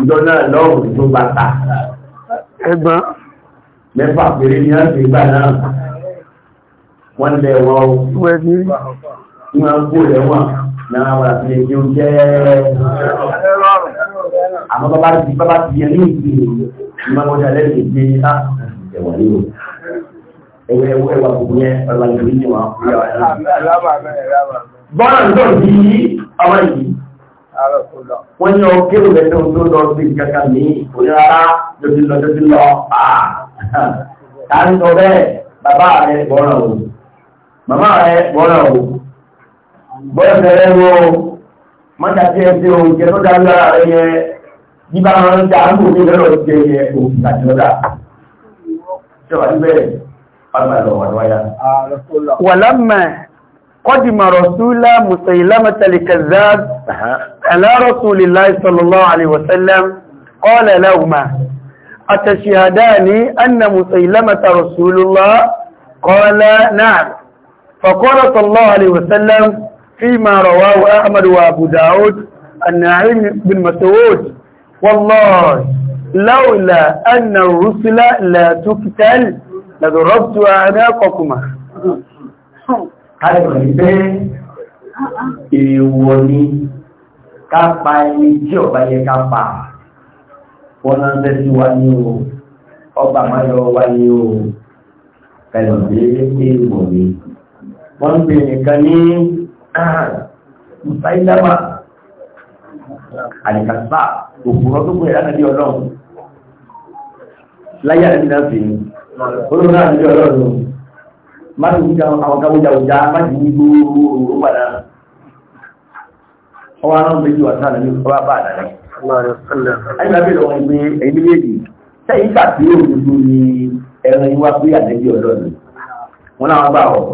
ìjọ náà lọ́rùn ètò bàtà ẹgbọ́n mẹ́fà péré ní ọ̀sẹ̀ ìgbà náà wọ́n lẹ̀ wọ́n o ní wọ́n kó lẹ́wọ̀n náà wà sí lè jẹun jẹ́ àmọ́ bàbá ti bàbá ti yẹ ní ìgbìyànjú ní wọ́n kọjá lẹ́sẹ̀ gbé á ẹ̀wọ̀n ní o ẹ̀wọ̀n ẹ̀wọ̀n ẹ̀wọ̀n kò yẹ ọ̀là ìlú ní wọn kú yà wọn. bọ́lá ń dọ̀n bí ọmọ yìí wọ́n ní ọ kéwòn lẹ́sẹ̀ tó lọ sí kankan ní òní rárá lọ́sí lọ́sí ta ń sọ bẹ́ẹ̀ bàbá rẹ̀ gbọ́ràn o màmá rẹ̀ gbọ́ràn o gbọ́ràn bẹ̀rẹ̀ wo mọ́tà tí ẹ ti òun jẹ tó dá lára rẹ yẹ bí bá wọn ń dá ń bò ní lọ́rọ̀ jẹ yẹ òun àti lọ́dà ṣé wàá bẹ́ẹ̀ pàápàá lọ wà lọ́wọ́ yá. wàlámà قدم رسول مسيلمة الكذاب على رسول الله صلى الله عليه وسلم قال لهما أتشهدان أن مسيلمة رسول الله قال نعم فقال صلى الله عليه وسلم فيما رواه أحمد وأبو داود النعيم بن مسعود والله لولا أن الرسل لا تقتل لضربت أعناقكما Ìwọ̀n ni ká pa ẹni tí ọ̀bá yẹ ká pa wọ́n náà ń fẹ́ sí wa ní o ọba máa yọ wa ní o kẹlọ̀ dé èèwọ̀ mi. wọ́n ń pè nìkan ní ah, musailama alikasa òpùrọ̀ tó gbé ìlànà bí ọlọ́run láyé àti náà fi olóòrùn náà bí ọlọ́run má ti wújà àwọn káwójáwójá má ti wú gbogbo òwúrọ̀ padà ọwọ́ aráàlú méjì wà sáà lẹ́yìn ọba bá àdàlẹ́. Àyìnbábí lọ wọn gbé ẹ̀yìn méjèèjì. Sẹ́yìn gbà tí yóò dúdú ni ẹran yín wá pé àdébí ọlọ́run. Wọ́n náà wá bá ọ̀.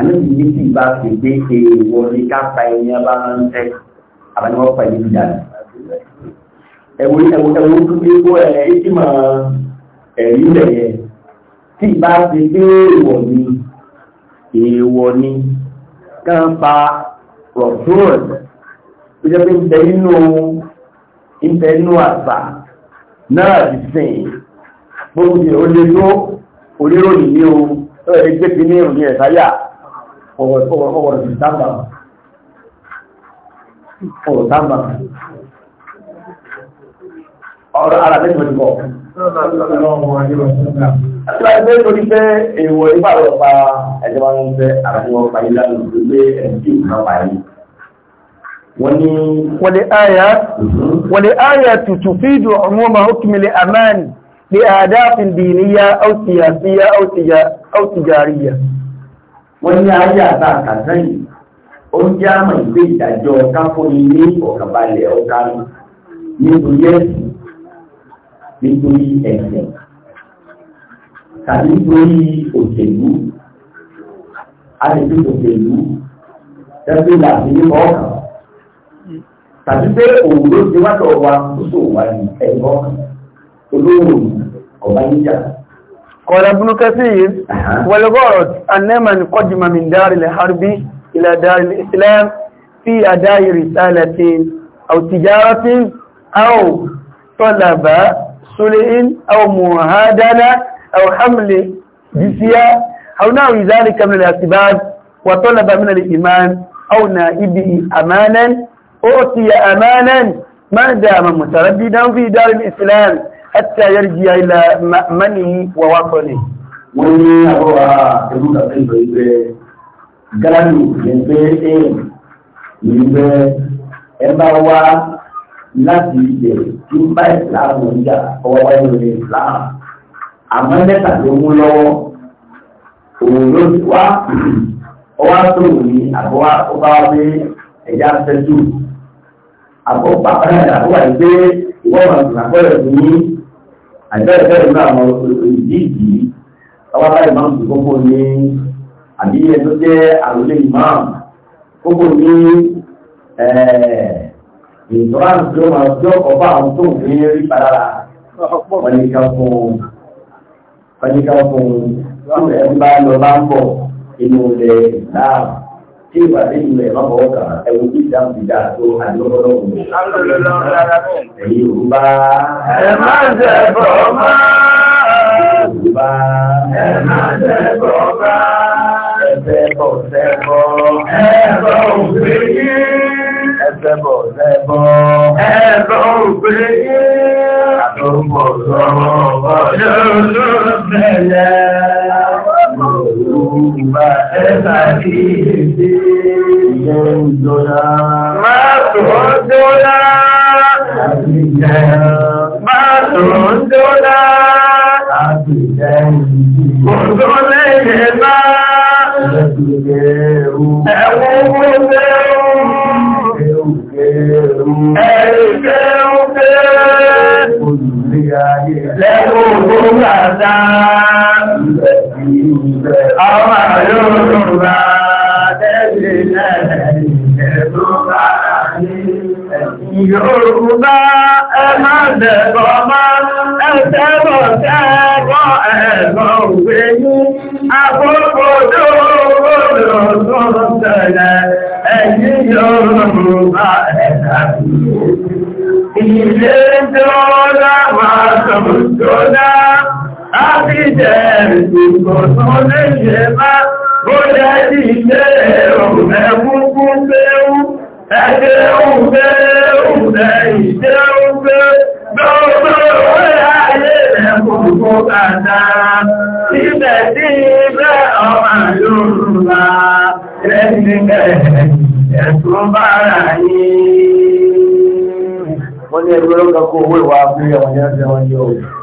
Àníbi ní kí ìbá fi gbé ṣe wọlé ká pa ẹni abá ń tẹ́. Àbáni wọ́n pa ìdíbi dànù. Ẹ̀wọ̀ ẹ̀wọ̀ ẹ̀wọ̀ tó gbé kó ẹ̀ ẹ́ tí mà ẹ̀rí lẹ̀ ìbá fi gbé èèwọ̀ ni èèwọ̀ ni kán pa rọ̀túrọ̀tù tó jẹ́ pé ìfẹ́ inú ìfẹ́ inú àṣà náà ti sìn gbogbo ti ó lè tó oníròyìn ní o tó ẹ̀rẹ́ gbé ti ní ìròyìn ẹ̀sáyà ọ̀rọ̀ ìtàmbà ọ̀rọ̀ ìtàmbà ọ̀rọ̀ ara mẹ́tọ̀ ti bọ̀ Àti láti pé torí pé èèwọ̀ ìpàrọ̀ pa ẹ̀jẹ̀ máa ń fẹ́ àràníwọ̀ pa ilé lánàá gbé ẹ̀jẹ̀ ìgbà pa yìí. والآيات والآيات تفيد عموم حكم الأمان لأهداف دينية أو سياسية أو تجارية أو تجارية wọ́n ní ayé àbá àkàtà yìí ó ń jẹ́ àmọ̀ ìgbé ìdájọ́ káfóni ní ọ̀kàbalẹ̀ ọ̀kánu nítorí ẹ̀sìn nítorí tàbí nítorí òṣèlú a lè òṣèlú tẹ́bí làbí ọ̀kan tàbí pé òun ló ti wáṣọ wa lóṣù wa ní ẹ̀gbọ́ olóòrùn ọba níjà. قال ابن كثير والغرض أن من قدم من دار الحرب إلى دار الإسلام في أداء رسالة أو تجارة أو طلب صلح أو مهادنة أو حمل جزية أو نحو ذلك من الأسباب وطلب من الإمام أو نائبه أمانا أعطي أمانا ما دام مترددا في دار الإسلام حتى يرجع إلى مأمنه ووطنه wọ́n ní àwọ́wà ẹgbùgbàtà ìgbẹ̀ ìgbẹ̀ gánàlù ìgbẹ̀ èèyàn ìgbẹ̀ ẹbá wá láti ìgbẹ̀ tí ń bá ìsìláàmù ìjà ọwọ́wá ìròyìn ìsìláàmù àmọ́ lẹ́tà tó mú lọ́wọ́ òun ló ti wá ọwá tó wù ní àbọ́wá ó wá pé ẹ̀yà fẹ́ tù àpò pàpàrà ìdàpọ̀ àìgbé ìwọ́n àgbẹ̀rẹ̀ ní àìbẹ̀rẹ̀ náà àwọn ìdí ìdí ọwọ́ bá ìmáà tó kókó ní àbíyẹ tó jẹ́ àròlé ìmáà kókó ní ìtọ́ráǹtì tó máa tí ọkọ̀ bá àwọn tó ń fi rí padà wọ́n ní ká fún wọ́n ní bá lọ bá ń bọ̀ inú ilẹ̀ láàrú tí ìwà lẹ́yìn rẹ̀ máa bọ̀ ẹ̀wù bí ìdáhùn ti dáa tó àdúgbòlò wò. ẹ̀yin òrùba. ẹ má ṣe bọ̀ bá. òrùba. ẹ má ṣe bọ̀ bá. bọ̀ sẹ́bọ̀. ẹ̀bọ̀ òfin yìí. ẹ̀fẹ̀ bọ̀ sẹ́bọ̀. ẹ̀bọ̀ òfin yìí. sọ̀rọ̀ ọ̀dọ́ ló ń bẹ̀rẹ̀ ìgbà ẹ̀ta sí èdè ìjẹ́ ìjọra. Má tó jọra. Àtìjẹ́. Má tó jọra. Àtìjẹ́ ìjì. Kò tó lẹ́yẹ bá. Ẹ̀kùnkẹ̀rù. Ẹ̀kùnkẹ̀rù. Ẹ̀kùnkẹ̀rù. Ẹ̀kùnkẹ̀rù. Olùrí ayé. Lẹ́kùnkẹ̀rù. Ọmọ Yorùbá tẹ́lẹ̀ lẹ́yìn tó bá ní Yorùbá ẹ má bẹ̀bọ̀ mọ́, ẹ tẹ́bọ̀ tẹ́bọ̀ ẹ̀bọ̀ òwe ní àkókò tó gbọ́dọ̀ tó tẹ̀lẹ̀ ẹ̀yìn Yorùbá ẹ̀dá ìlé tó láwọn àtọ̀tọ̀ náà. Àbíjẹ́ ìgbò tó lè ṣe máa bó jẹ́ ilé òun ẹ̀kúnkú pẹ́rú, ẹgbẹ́ òun pẹ́rú, ẹ̀ìṣẹ́ òun pẹ́rú, gbọ́gbọ́ orí ayé rẹ̀ kòkó kàdá, ibẹ̀ tí ibẹ̀ ọmọ Yorùbá, ẹ̀ẹ́dìnkẹ̀ ẹ̀tún bára yìí. Wọ́n ní ẹgbẹ́